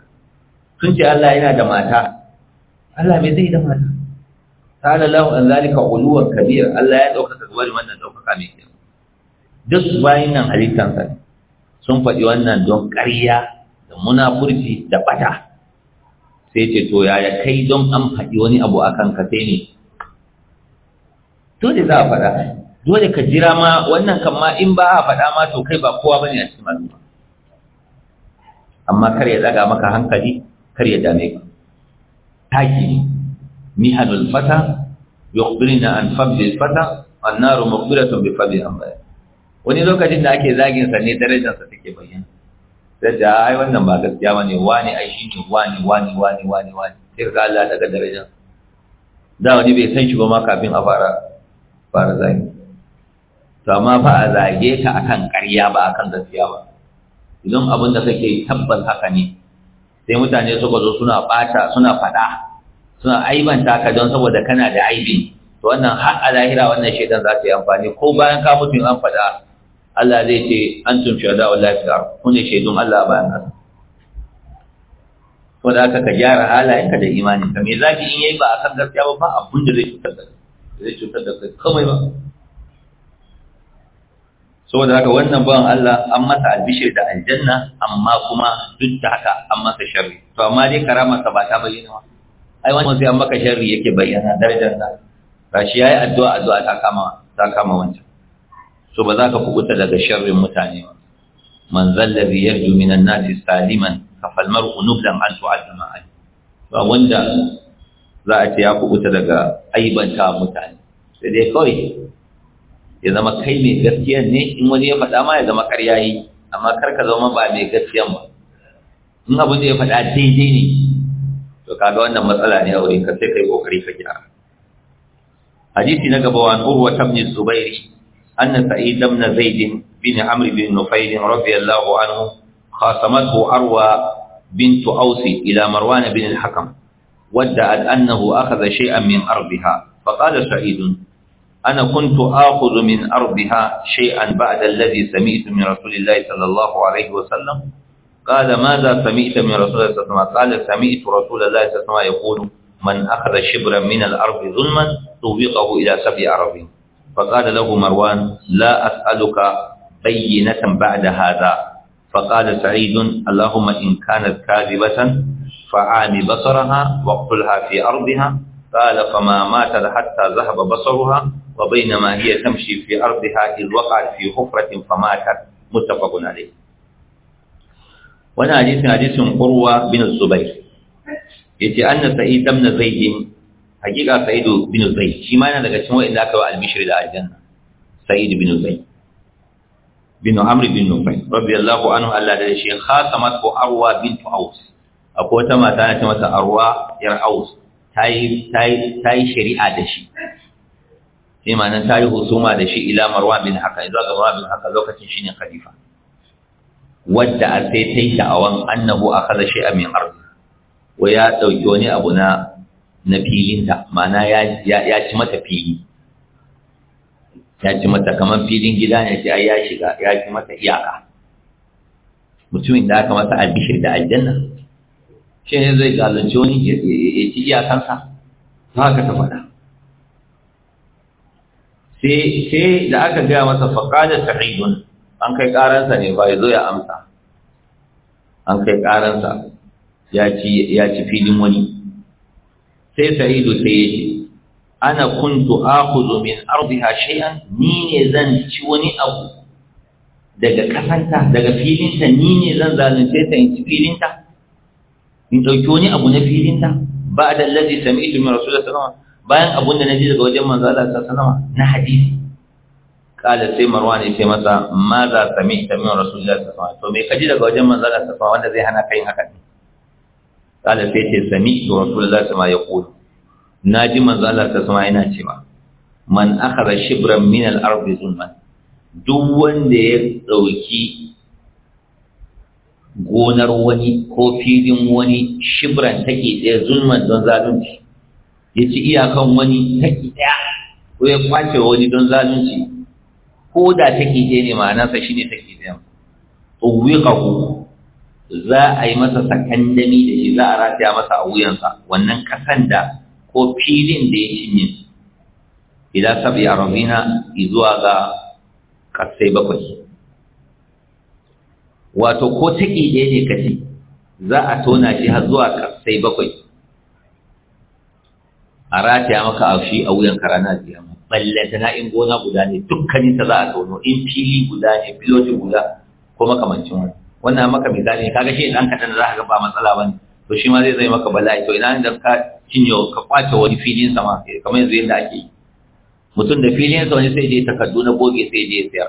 sun ce Allah yana da mata Allah mai zai da mata ta'ala lahu an zalika uluwan kabir Allah ya ɗaukaka gabar wannan ɗaukaka mai kyau duk bayan nan halittansa ne sun faɗi wannan don ƙarya da munafurci da ɓata sai ce to yaya kai don an faɗi wani abu a kanka sai ne dole za a faɗa dole ka jira ma wannan kan ma in ba a faɗa ma to kai ba kowa ba ne a cikin al'umma amma kar ya daga maka hankali kar ya dame ka taki ne mihanul fata yukhbirina an fabdil fata annaru mukhbiratun bi fadli an bayan wani lokacin da ake zagin sa ne darajar sa take bayyana sai da ai wannan ba gaskiya bane wani ai shine wani wani wani wani wani sai ka Allah daga darajar da wani bai san shi ba ma kafin a fara fara zagi to amma fa a zage ka akan ƙarya ba akan gaskiya ba idan abin da kake tabbas haka ne sai mutane suka zo suna bata suna fada suna aibanta ka don saboda kana da aibi to wannan har a lahira wannan shaidan za su yi amfani ko bayan ka mutu an fada Allah zai ce an tun shahada wallahi fil shaidun Allah bayan ƙasa to da aka ka gyara halayenka da imaninka. ka me zaki in yayi ba a kan gaskiya ba ba abun da zai cutar da kai. zai cutar da kai komai ba saboda haka wannan bawan Allah an masa albishir da aljanna amma kuma duk da haka an masa sharri to amma dai karamarsa ba ta bayyana ba ai wani sai an maka sharri yake bayyana darajar sa ba shi yayi addu'a addu'a ta kama ta kama wancan to ba za ka kubuta daga sharrin mutane ba man bi yarju minan nasi saliman fal mar'u nublan an tu'allama ba wanda za a ce ya kubuta daga aibanta mutane sai dai kawai ya zama kai mai gaskiya ne in wani ya faɗa ma ya zama ƙarya yi amma kar ka zama ba mai gaskiya ba in abin da ya faɗa daidai ne to kaga wannan matsala ne a wurin ka sai kai kokari ka gyara hadisi na gaba wa urwa tabni zubairi أن سعيد بن زيد بن عمرو بن نفيل رضي الله عنه خاصمته أروى بنت أوس إلى مروان بن الحكم ودعت أنه أخذ شيئا من أرضها فقال سعيد أنا كنت آخذ من أرضها شيئا بعد الذي سمعت من رسول الله صلى الله عليه وسلم قال ماذا سمعت من رسول الله صلى الله عليه وسلم قال سمعت رسول الله صلى الله عليه وسلم يقول من أخذ شبرا من الأرض ظلما طوبقه إلى سبع أرضين فقال له مروان لا أسألك بينة بعد هذا فقال سعيد اللهم إن كانت كاذبة فعام بصرها واقتلها في أرضها قال فما ماتت حتى ذهب بصرها وبينما هي تمشي في أرضها إذ وقعت في حفرة فماتت متفق عليه وانا حديث حديث قروة بن الزبير يتي أن سعيد بن زيد hakika sa'idu bin zaid shi ma yana daga cikin wa'inda aka yi albishir da aljanna sa'idu bin zaid bin amr bin nufay radiyallahu anhu Allah da shi khasamat ko arwa bint aus akwai wata mata na ce masa arwa yar aus tayi tayi tayi shari'a da shi sai ma nan tayi husuma da shi ila marwan bin haka idan ga marwan bin haka lokacin shine khalifa wadda a sai tayi da'awan annahu akhadha shay'an min ardi wa ya dauki wani abu na na filinta ma'ana ya ci mata fili ya ci mata kamar filin gida ne sai ya shiga ya ci mata iyaka mutumin da aka masa albishir da aljanna shi ne zai zalunci wani ya ci iyakansa ta haka ta faɗa sai da aka gaya masa faƙada sa'idun an kai ƙaransa ne ba ya zo ya amsa an kai ƙaransa ya ci filin wani sai sa'idu sai ya ce ana kuntu akhudhu min arziha shay'an ni ne zan ci wani abu daga kasanta daga filinta ni ne zan zalunce ta in ci filinta in ɗauki wani abu na filinta ba da sami sami'tu min rasu da alaihi wasallam bayan abun da na ji daga wajen manzo Allah sallallahu alaihi wasallam na hadisi kala sai marwan ya ce masa ma za sami'ta min rasu da alaihi wasallam to me kaji daga wajen manzo Allah sallallahu alaihi wanda zai hana kai haka ne kala sai ce sami to rasulullahi sama ya kulu na ji manzo Allah ta sama yana cewa man akhara shibran min al-ardi zulman duk wanda ya dauki gonar wani ko filin wani shibran take tsaye zulman don zalunci ya ci iyakan wani take daya ko ya kwace wani don zalunci ko da take tsaye ne ma'anarsa shine take tsaye to wiqahu za a yi masa sakandami da shi za a rataya masa a wuyansa wannan kasan da ko filin da ya cinye idan sabi a rabina zuwa ga kasai bakwai wato ko take ɗaya ne kashi, za a tona shi har zuwa kasai bakwai a rataya maka a shi a wuyan karana ziyama ballanta na in gona guda ne dukkaninta za a tono in fili guda ne filoti guda ko makamancin wani wannan maka misali ne kaga shi idan ka za ka ga ba matsala bane to shi ma zai zai maka bala'i to idan da ka cinye ka kwace wani filin sama eh, kamar yanzu yadda ake yi mutum da filin sa wani sai je takardu na goge sai je sai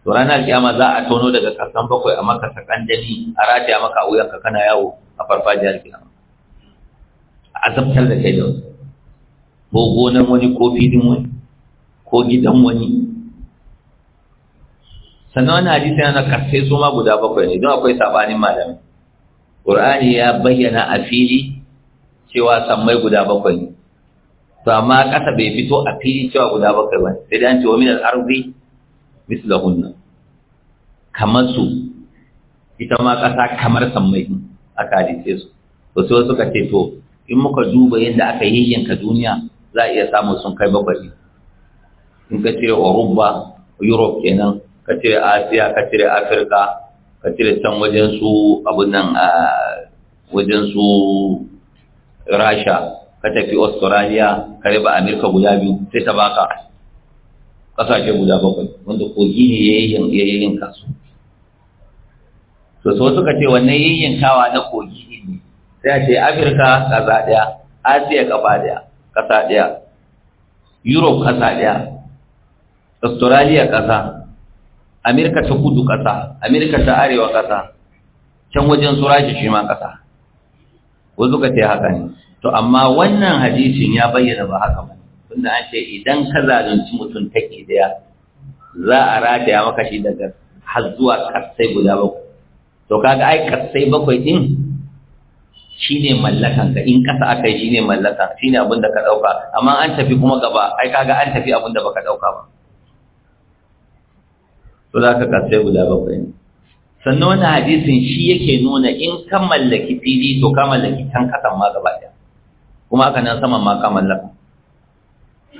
to ranar kiyama za a tono daga kasan bakwai a maka sakandani a rataya maka a wuyanka kana yawo a farfajiyar kiyama a azabtar da kai da ko gonan wani ko filin wani ko gidan wani sannan wannan hadisi yana kasai su ma guda bakwai ne don akwai sabanin malami qur'ani ya bayyana a fili cewa sammai guda bakwai ne to amma ƙasa bai fito a fili cewa guda bakwai ba sai dai an ce wa min al hunna kamar su ita ma kasa kamar sammai aka halice su to sai wasu ce to in muka duba yadda aka yi yanka duniya za a iya samun sun kai bakwai in ka ce wa rubba europe kenan ka cire asiya ka cire afirka ka cire can wajen su abun nan a wajen su rasha ka tafi australia ka riba Amurka guda biyu sai ta baka kasashe guda bakwai wanda kogi ne ya yi yin kasu sosai suka ce wannan kawa na kogi ne sai a ce afirka kaza daya asiya kafa daya kasa daya europe kasa daya australia kasa amerika ta kudu ƙasa amerika ta arewa ƙasa can wajen surashi shi ma ƙasa wasu ka ce haka ne to amma wannan hadisin ya bayyana ba haka ba tunda an ce idan ka zalunci mutum take daya za a rataya maka shi daga har zuwa karsai guda bakwai to kaga ai karsai bakwai din shine mallakan ka in kasa akai shine mallaka shine abin da ka ɗauka, amma an tafi kuma gaba ai kaga an tafi abin da baka ɗauka ba to za ka kasai guda bakwai sannan wani hadisin shi yake nuna in ka mallaki fili to ka mallaki can kasan ma gaba ɗaya kuma aka nan saman ma ka mallaka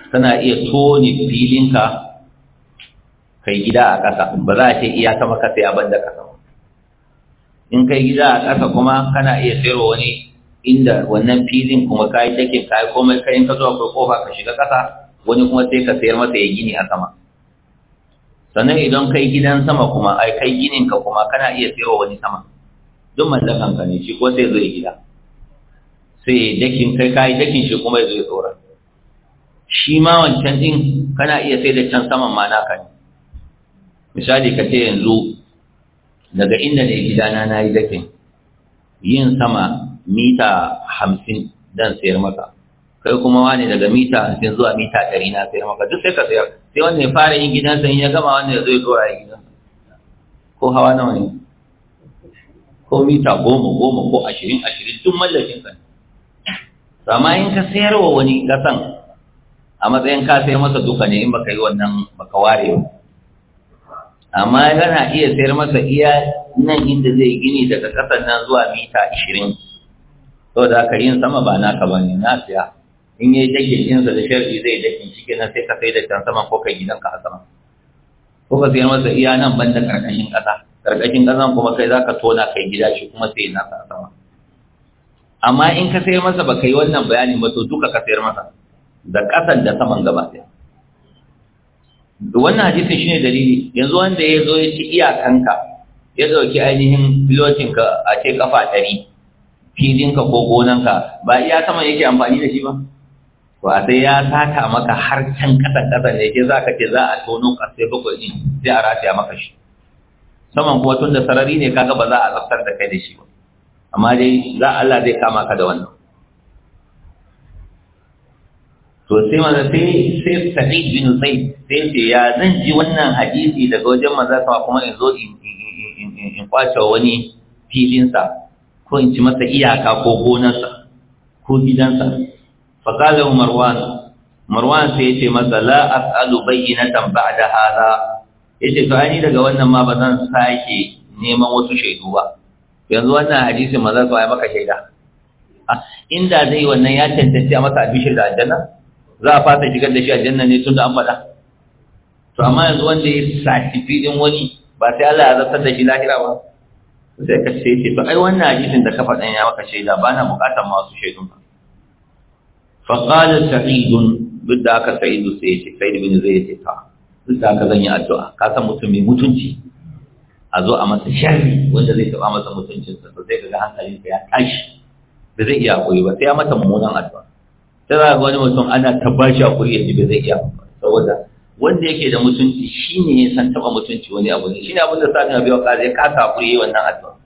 kana iya tone filinka kai gida a ƙasa ba za a ce iya sama ka sai abin da ƙasa in kai gida a ƙasa kuma kana iya sayarwa wani inda wannan filin kuma ka yi takin ka yi komai yi ka zuwa kai kofa ka shiga ƙasa wani kuma sai ka sayar masa ya gini a sama sannan idan kai gidan sama kuma ai kai ginin ka kuma kana iya sayowa wani sama duk mallakan ka ne shi ko sai zai gida sai dakin kai kai dakin shi kuma zai tsora shi ma wancan din kana iya sai da can saman ma naka ne misali ka ce yanzu daga inda ne gidana na yi dakin yin sama mita hamsin dan sayar maka kai kuma wani daga mita hamsin zuwa mita ɗari na sayar maka duk sai ka sayar sai wanda ya fara yin gidan sai ya gama wanda ya zo ya dora ya gidan ko hawa nawa ne ko mita goma goma ko ashirin ashirin tun mallakin ka amma in ka sayar wa wani kasan a matsayin ka sayar masa duka ne in baka yi wannan baka ware ba amma yana iya sayar masa iya nan inda zai gini daga ƙasan nan zuwa mita ashirin saboda haka yin sama ba naka ba ne na siya in yi dakin ɗinsa da sharri zai dakin shi kenan sai ka kai da can sama ko kai gidanka a sama ko ka sayar masa iya nan banda karkashin ƙasa karkashin ƙasan kuma kai za ka tona kai gida shi kuma sai ka a sama amma in ka sayar masa baka yi wannan bayanin ba to duka ka sayar masa da ƙasan da saman gaba ɗaya wannan hadisi shine dalili yanzu wanda ya zo ya ci iyakanka ya ɗauki ainihin ka a ce kafa ɗari filinka ko gonanka ba iya saman yake amfani da shi ba ba sai ya saka maka har can ƙasa kasan ne ke za ka ce za a tono sai bakwai ɗin sai a rataya maka shi saman kuma tun da sarari ne kaga ba za a tsaftar da kai da shi ba amma dai za Allah zai kama ka da wannan to sai maza sai sai sai bin zaid sai ce ya zan ji wannan hadisi daga wajen maza sama kuma in zo in kwace wani filinsa ko in ci masa iyaka ko gonarsa ko gidansa فقال مروان مروان sai yace masa la as'alu bayyinatan ba'da hada yace to ani daga wannan ma ba zan sake neman wasu shaidu ba yanzu wannan hadisi maza su yi maka shaida inda zai wannan ya tantance a masa abishir da aljanna za a fasa shigar da shi aljanna ne tunda an faɗa to amma yanzu wanda ya satifi din wani ba sai Allah ya zartar da shi lahira ba sai ka ce ce to ai wannan hadisin da ka faɗa ya maka shaida ba na buƙatar masu shaidu ba faƙalar sa'idun duk da aka sa'idu sai ya ce sa'idu bin zai ce ta duk da aka zan addu'a ka san mutum mai mutunci a zo a masa sharri wanda zai taɓa masa mutuncinsa to sai kaga hankalinsa ya tashi ba zai iya haƙuri ba sai ya mata mummunan addu'a sai za ga wani mutum ana tabbashi haƙuri ya ji ba zai iya saboda wanda yake da mutunci shine ya san taɓa mutunci wani abu ne shine abin da sa ga biyo ƙara ya kasa haƙuri wannan addu'a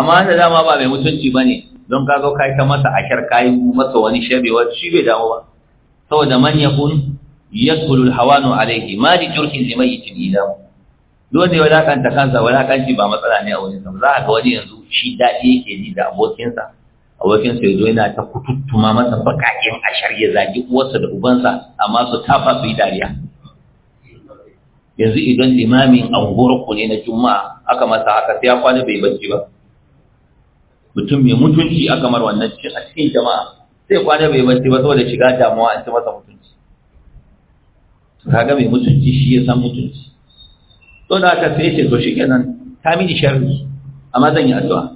amma da dama ba mai mutunci bane don ka zo kai ta masa ashar kai masa wani shabewa shi bai damu ba saboda man yakun yadkhulu hawanu alayhi ma li jurhin limaytin ilam dole ya wadakanta kansa wadakanci ba matsala ne a wurin sam. za ka wani yanzu shi dadi yake ji da abokinsa abokinsa ya zo yana ta kututtuma masa bakakin ashar ya zagi uwarsa da ubansa amma su tafa su yi dariya yanzu idan limamin anguwar ne na juma'a aka masa haka sai ya kwana bai bacci ba mutum mai mutunci aka kamar wannan cikin a cikin jama'a sai kwana bai mace ba saboda shiga damuwa a ci masa mutunci kaga mai mutunci shi ya san mutunci to da aka sai ce to shi kenan ta mini sharri amma zan yi addu'a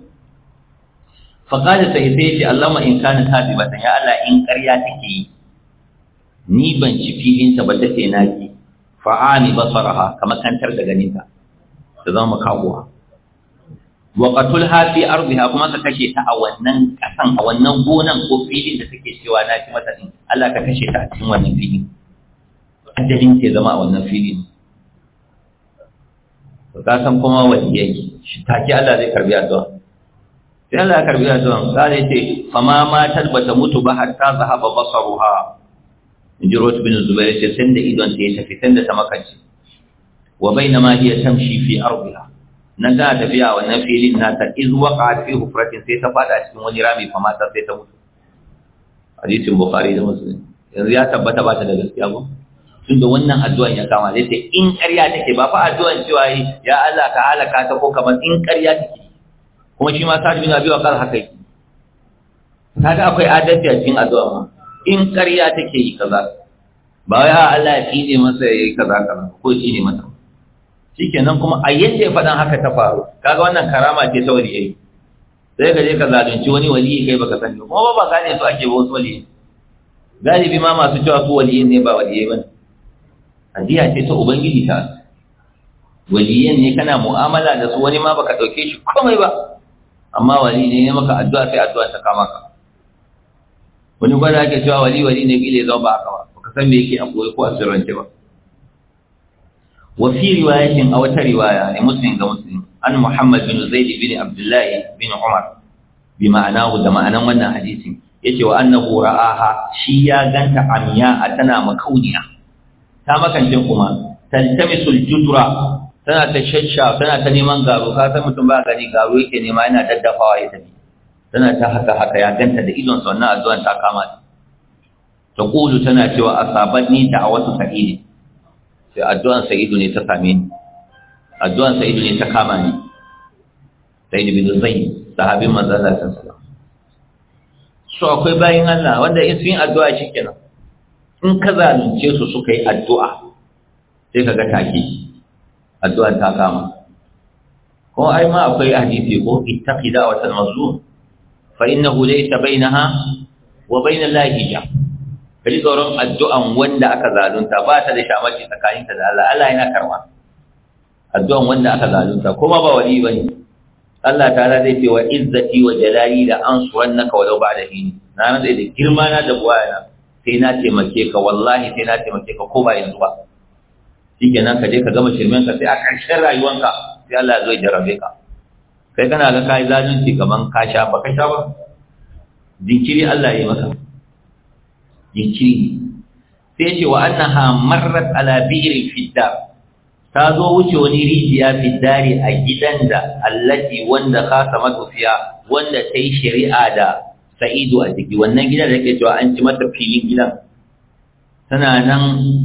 fa qala sai sai ce Allahumma in kana ta ya Allah in ƙarya take yi ni ban ci filin ta ba take na ki fa ani basaraha kamar kantar da ganinta ta zama makaguwa wa qatulha fi ardiha kuma ka kashe ta a wannan kasan a wannan gonan ko filin da take cewa na ci mata din Allah ka kashe ta a cikin wannan filin ajalin ke zama a wannan filin to ka san kuma wani yake shi take Allah zai karbi addu'a sai Allah ya karbi addu'a sai ya ce fama ma talbata mutu ba har ta zahaba basaruha inji Rot bin Zubair ce da idon ta ya tafi sanda ta makance wa bainama hiya tamshi fi ardiha nan tana tafiya wannan filin nata iz waqa fi hufratin sai ta fada cikin wani rami fa mata sai ta mutu hadisin bukhari da muslim yanzu ya tabbata ba ta da gaskiya ba tun da wannan addu'an ya kama zai ce in ƙarya take ba fa addu'an cewa ya Allah ka halaka ta ko kamar in ƙarya take kuma shi ma Sa'ad bin Abi Waqqas haka yake kaga akwai adalci a cikin addu'a ma in ƙarya take yi kaza ba wai ah, Allah ya kine masa yayi kaza kaza ko shi ne masa shikenan kuma a yadda ya faɗan haka ta faru kaga wannan karama ce ta wani yayi sai ka je ka zalunci wani waliyi kai baka sani kuma ba ba gane su ake ba wasu waliyi galibi ma masu cewa su wali ne ba waliyi ba hadiya ce ta ubangiji ta waliyan ne kana mu'amala da su wani ma baka dauke shi komai ba amma wali ne ne maka addu'a sai addu'a ta kama ka wani gwada ake cewa wali wali ne kile zama ba haka ba baka san me yake a koyi ko a sirrance ba wa fi riwayatin a wata riwaya ne muslim ga muslim an muhammad bin bin abdullah bin umar bi ma'anahu da ma'anan wannan hadisin yace wa annahu ra'aha shi ya ganta amiya tana makauniya ta makance kuma taltamisul judra tana ta shashsha tana ta neman garu, ka san mutum ba gani garu yake nema yana daddafawa ya tafi tana ta haka haka ya ganta da idon sa wannan addu'an ta kama ta tana cewa a da'awatu sa'idi sai addu'an sa'idu ne ta same ni addu'an sa'idu ne ta kama ni sa'idu bin zai sahabin manzon ta sallallahu alaihi so akwai bayin Allah wanda in sun yi addu'a kenan, in ka zalunce su suka yi addu'a sai ka ga take addu'an ta kama ko ai ma akwai hadisi ko ittaqi da'watal mazlum fa innahu laysa bainaha wa bainal lahi hijab ka ji tsoron addu'an wanda aka zalunta ba ta da shamaki tsakaninta da Allah Allah yana karɓa addu'an wanda aka zalunta kuma ba wali ne. Allah ta zai ce wa izzati wa jalali da an ansurannaka walau ba'da hin na nan da girma na da buwaya sai na taimake ka wallahi sai na taimake ka ko ba yanzu ba shikenan ka je ka gama shirmen ka sai a ƙarshen rayuwanka sai Allah zai jarabe ka kai kana ga kai zalunci kamar ka sha ba ka sha ba jinkiri Allah ya yi maka ya ci sai ce wa annaha marrat ala bi'rin fidda ta zo wuce wani rijiya fiddari a gidan da allaji wanda kasa matufiya wanda ta yi shari'a da sa'idu a jiki wannan gidan da ke cewa an ci mata filin gidan tana nan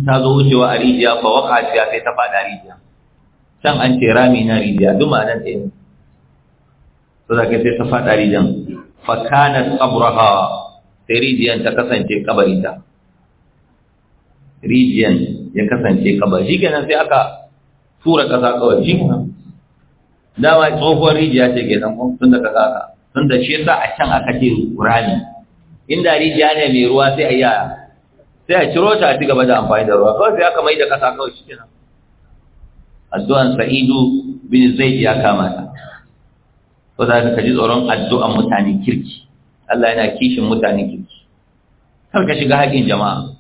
ta zo wucewa a rijiya fa waka fiya sai ta faɗa rijiya can an ce rami na rijiya duma nan ɗaya so sai ta faɗa rijiyan fa kana tsabraha sai rijiyan ta kasance kabarinta rijiyan ya kasance kabari shi kenan sai aka tura kasa kawai shi kuma dama tsohuwar rijiya ce ke kenan tun da kasa ka tun da shi yasa a can aka ce rami inda rijiya ne mai ruwa sai a yaya sai a ciro ta a ci gaba da amfani da ruwa kawai sai aka mai da kasa kawai shi kenan addu'an sa'idu bin zaid ya kama ta ko za ka ji tsoron addu'an mutane kirki Allah yana kishin mutane kirki kar ka shiga haƙin jama'a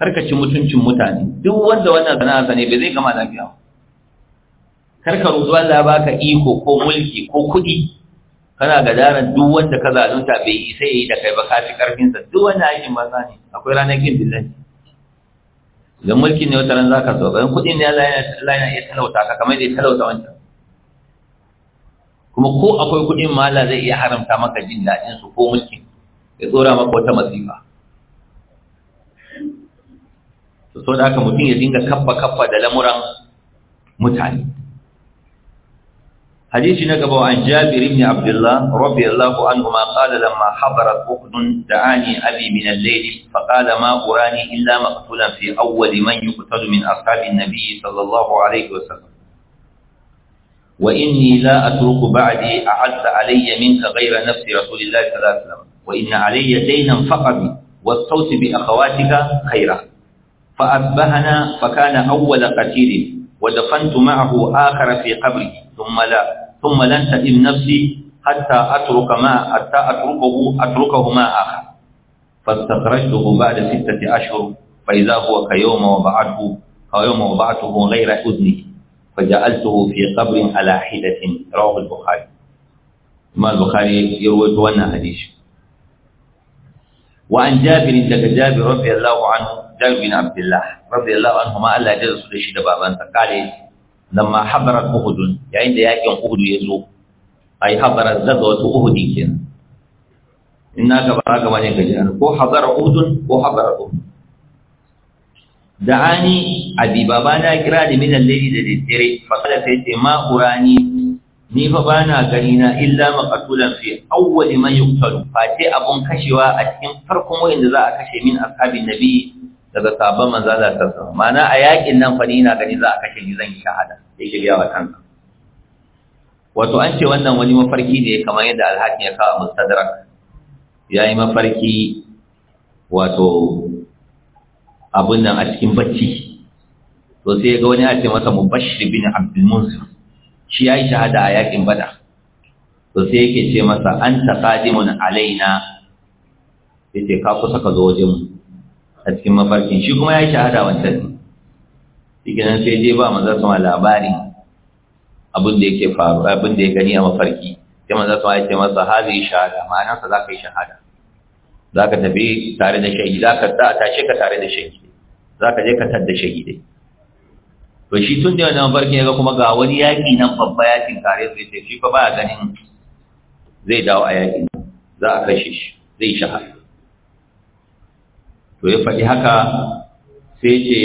kar ka ci mutuncin mutane duk wanda wannan sana'a sane bai zai gama lafiya ba kar ka ruzu Allah baka iko ko mulki ko kuɗi kana daren duk wanda ka zalunta bai isa yayi da kai ba ka fi karfin sa duk wanda yake maza ne akwai ranar kin billahi idan mulki ne wata ran zaka so ga kuɗi ne Allah yana Allah yana iya talauta ka kamar da ya talauta wancan kuma ko akwai kuɗin ma Allah zai iya haramta maka jin daɗin su ko mulkin ya tsora maka wata masifa to so da haka mutum ya dinga kaffa kaffa da lamuran mutane hadisi na gaba an Jabir ibn Abdullah radiyallahu anhu ma qala lamma hadarat Uhud da'ani abi min al-layl fa qala ma urani illa maqtulan fi awwal man yuqtalu min ashabin nabiy sallallahu alayhi wa sallam وإني لا أترك بعدي أعز علي منك غير نفس رسول الله صلى الله عليه وسلم وإن علي دينا فقدي والصوت بأخواتك خيرا فابهنا فكان أول قتيل ودفنت معه آخر في قبري ثم لا ثم لن تئم نفسي حتى أترك ما حتى أتركه أتركه ما آخر فاستخرجته بعد ستة أشهر فإذا هو كيوم وضعته كيوم وضعته غير أذنه faja'altuhu fi qabrin ala hidatin rawahu al-bukhari imam al-bukhari ya rawaito wannan hadisi wa an jabir daga jabir radiyallahu anhu jabir bin ma Allah ya jaza su da shi da babansa kale lamma habarat uhud yayin da yakin uhud ya zo ay habarat zagawatu uhud kenan in naka ba ka jira ko habara ko habara دعاني abi بابا na kira da minan laili da daddare fa kada sai ce ma urani ni fa na gani na illa maqtulan fi awwal man yuqtalu fa ce abun kashewa a cikin farkon wanda za a kashe min ashabin nabi daga sabon manzo Allah ta sama mana a yakin nan fa ni na gani za a kashe ni zan yi shahada sai shirya wa wato an ce wannan wani mafarki ne kamar yadda alhakin ya kawo mustadrak yayi mafarki wato abin nan a cikin bacci to sai ga wani ya ce masa mubashir bin abdul munzir shi ya yi shahada a yakin bada to sai yake ce masa an ta qadimun alaina yace ka kusa ka zo wajen mu a cikin mafarkin shi kuma ya yi shahada wancan shi nan sai je ba maza sama labarin abin da yake faru abin da ya gani a mafarki sai maza sama ya ce masa hazi shahada ma'anarsa za ka yi shahada za ka tafi tare da shahidi za ka tashe ka tare da shahidi za ka je ka da shahidai to shi tun da yana barkin ya ga kuma ga wani yaƙi nan babba yaƙin tare su ce shi fa ba ganin zai dawo a yaƙin za a kashe shi zai shahara to ya faɗi haka sai ce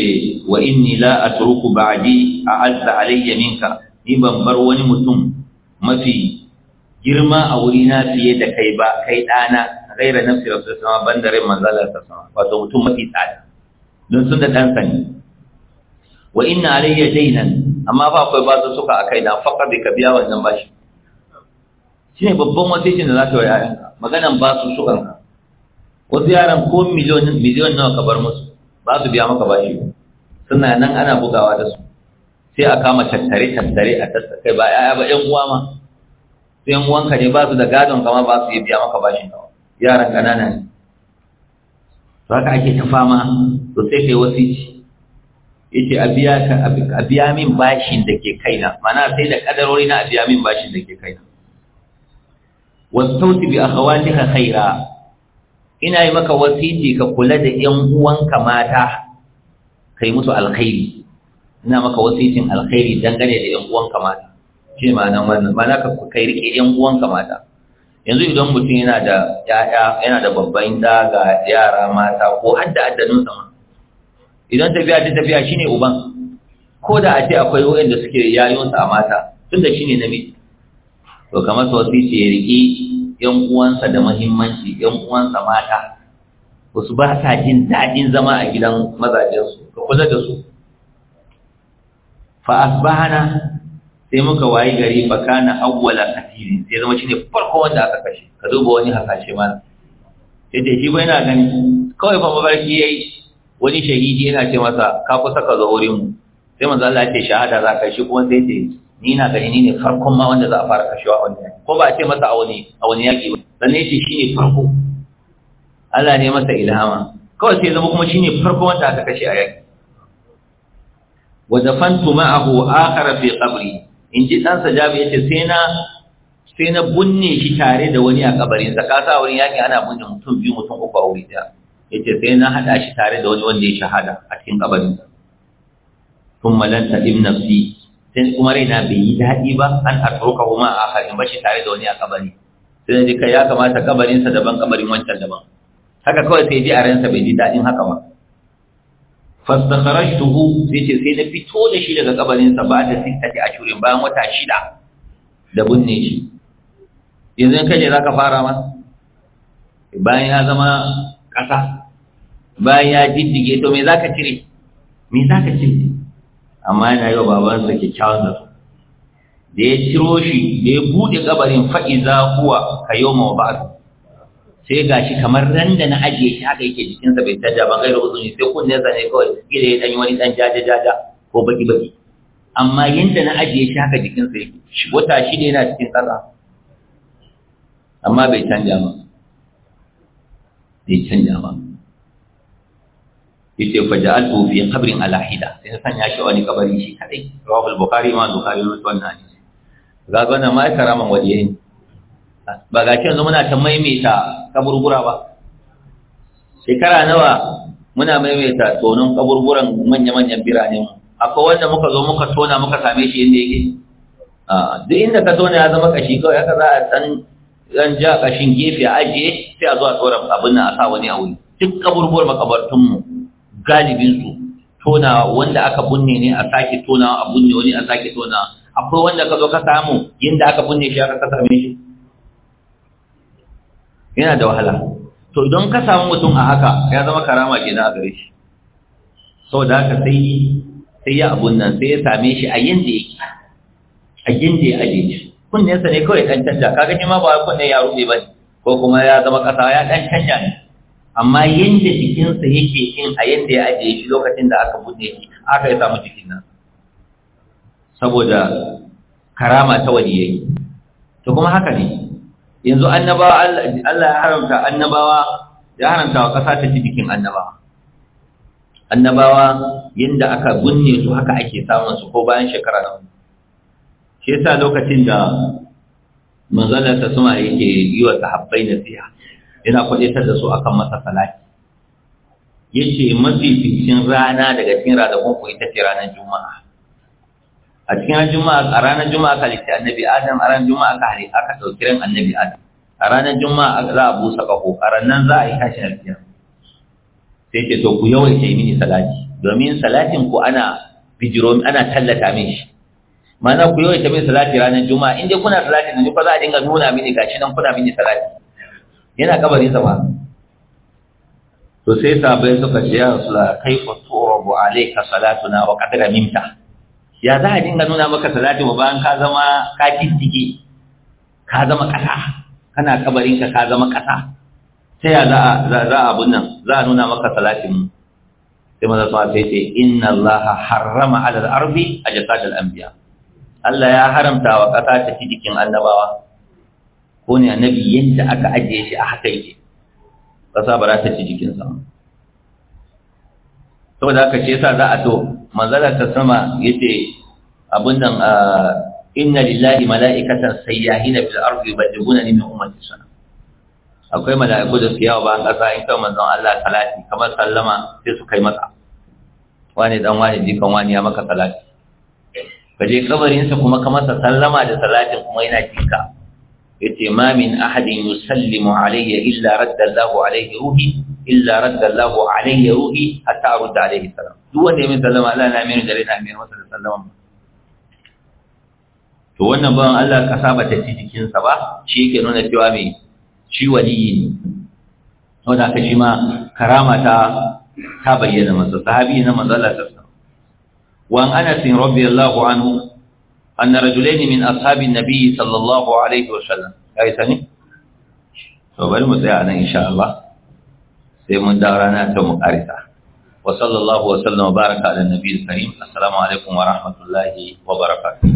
wa inni la ba a a'azza alayya minka ni ban bar wani mutum mafi girma a wurina fiye da kai ba kai ɗana غير نفس رسول sama ban الله rai وسلم بندر من wato mutum mafi tsada عليه وسلم da في تعالى دون سنة alayya وإن amma fa أما basu suka a kaina فقط بكبيا ka biya wannan bashi shine babban wasicin da zaka yi a yanka maganan basu sukan ka wasu yaran ko miliyon nawa ka bar musu ba su biya maka ana bugawa da su sai a kama tattare tattare a tattare ba ya ba yan uwa ma sai yan uwanka ne ba su da gadon kama ba su yi biya maka bashin ka Yara ƙanana ne to haka ake ta fama to sai kai wasici yace a biya ka a biya min bashin da ke kaina mana sai da kadarori na a biya min bashin da ke kaina wasauti bi akhawatiha khaira ina yi maka wasiti ka kula da 'yan uwanka mata kai musu alkhairi ina maka wasitin alkhairi dangane da 'yan uwanka mata shi ma'anan wannan ma'ana ka kai rike 'yan uwanka mata yanzu idan mutum yana da ya'ya yana da babban da ga yara mata ko hadda addanin sama idan tafiya ta tafiya shine uban ko da a ce akwai da suke yayonsa a mata tun tunda shine namiji to kamar sa wasu ce riki yan uwansa da muhimmanci yan uwansa mata wasu ba sa jin daɗin zama a gidan mazajensu ka kula da su fa asbahana sai muka wayi gari fa kana awwala kasirin sai zama shine farko wanda aka kashe ka duba wani hasashe ma yace shi ba yana gani kawai fa mabarki yayi wani shahidi yana ce masa ka kusa ka zo wurin mu sai manzo Allah ya ce shahada za ka shi kuma sai ce ni na gani ni ne farkon ma wanda za a fara kashewa a wani ko ba a ce masa a wani a wani yaki ba sannan yace shine farko Allah ne masa ilhama kawai sai zama kuma shine farko wanda aka kashe a yaki wa dafantu ma'ahu akhara fi qabri in ji ɗansa jabi ya ce sai na bunne shi tare da wani a kabarin sa. ka sa wurin yaƙi ana bunne mutum biyu mutum uku a wuri ɗaya ya ce sai na haɗa shi tare da wani wanda ya shahada a cikin Tun sun malanta ibn nafsi sai kuma raina bai yi daɗi ba an atruka kuma a harin bashi tare da wani a kabari sai na ji kai ya kamata sa daban kabarin wancan daban haka kawai sai ji a ransa bai ji daɗin haka ba fastakharajtuhu ce sai na fito da shi daga kabarin sa ba da sittati ashurin bayan wata shida da bunne shi yanzu kai ne zaka fara ma bayan ya zama kasa bayan ya diddige to me zaka cire me zaka cire amma yana yi wa babansa kyakkyawan zato da ya ciro shi da ya buɗe kabarin fa'iza kuwa ka yau ma su. sai ga shi kamar ran da na ajiye shi haka yake jikinsa bai canja ba, gairu uzuni sai kun ne kawai gida ya danyi wani dan jaja jaja ko baki baki amma yanda na ajiye shi haka jikinsa yake shi wata shi ne yana cikin ƙasa amma bai canja ba bai canja ba yace fa ja'altu fi qabrin ala hida sai na sanya shi wani kabari shi kadai rawahu al-bukhari ma bukhari rawahu wannan hadisi ga ga wannan ma karaman waje ne ba ga shi yanzu muna ta maimaita kaburbura ba shekara nawa muna maimaita tonon kaburburan manya-manyan birane akwai wanda muka zo muka tona muka same shi inda yake duk inda ka tona ya zama kashi kawai haka za a san zan ja kashin gefe a ajiye sai a zo a tsora abin nan a sa wani a wuri duk kaburburan makabartunmu galibinsu tona wanda aka bunne ne a sake tona a bunne wani a sake tona akwai wanda ka zo ka samu yadda aka bunne shi aka same shi yana da wahala to idan ka samu mutum a haka ya zama karama ke na a gare shi saboda haka sai sai ya abun nan sai ya same shi a yanda yake a yanda ya aje shi kunnensa ne kawai dan canja Ka ni ma ba kuɗin ya rube ba ko kuma ya zama kasa ya dan canja ne amma yanda jikinsa yake in a yanda ya ajiye shi lokacin da aka buɗe shi aka ya samu jikin nan saboda karama ta wani yake to kuma haka ne yanzu annabawa Allah ya haramta annabawa ya haramta wa ƙasa ta ci jikin annabawa annabawa yadda aka gunne su haka ake samun su ko bayan shekara na shi yasa lokacin da manzalar ta suma yake yi wa sahabbai nasiha yana kwadatar da su akan masa salati yace mafi fitin rana daga cikin ranakun ku ita ce ranar juma'a a cikin juma'a a ranar juma'a aka halitta annabi adam a ranar juma'a aka halitta aka ɗauki ran annabi adam a ranar juma'a za a busa ƙaho a ranar za a yi tashin alfiya sai ce to ku yawaita yi mini salati domin salatin ku ana bijiro ana tallata min shi ma'ana ku yawaita mini salati ranar juma'a in dai kuna salati ne fa za a dinga nuna mini gashi nan kuna mini salati yana kabarin sa ba to sai sabai suka ce ya rasulullah kaifa turabu alayka salatuna wa qad ramimta ya za a dinga nuna maka salati wa bayan ka zama ka kistike ka zama ƙasa kana kabarinka ka zama ƙasa ta ya za a abun nan za a nuna maka salatin sai maza su sai ce inna allaha harrama alal arbi a jasad al'ambiya Allah ya haramta wa ƙasa ta ci jikin annabawa ko ne annabi yadda aka ajiye shi a haka yake ƙasa ba za ta ci jikinsa saboda haka ce sa za a to manzala ta sama yace abun nan inna lillahi mala'ikatan sayyahina fil ardi yubaddiluna min ummati sana akwai mala'iku da su yawa ba kasa in kai manzon Allah salati kamar sallama sai su kai maka. wani dan wani jikan wani ya maka salati ka je kabarinsa kuma kamar sa sallama da talatin kuma yana jinka yace ma min ahadin yusallimu alayya illa radda Allahu alayhi ruhi illa raddallahu alayhi ruhi hatta arudda alayhi salam duk wanda ya min sallama Allah na mai gare na mai masa da sallama to wannan ban Allah ka saba ta cikin sa ba shi yake nuna cewa mai shi waliyi ne wanda aka shi ma karama ta ta bayyana masa sahabi na manzo Allah sallallahu alaihi wasallam wa an anas radiyallahu anhu anna rajulain min ashabin nabiy sallallahu alaihi sallam. kai sani to bari mu tsaya nan insha Allah sai mun dawo rana ta mu karisa wa sallallahu wa sallama baraka ala nabiyil karim assalamu alaikum wa rahmatullahi wa barakatuh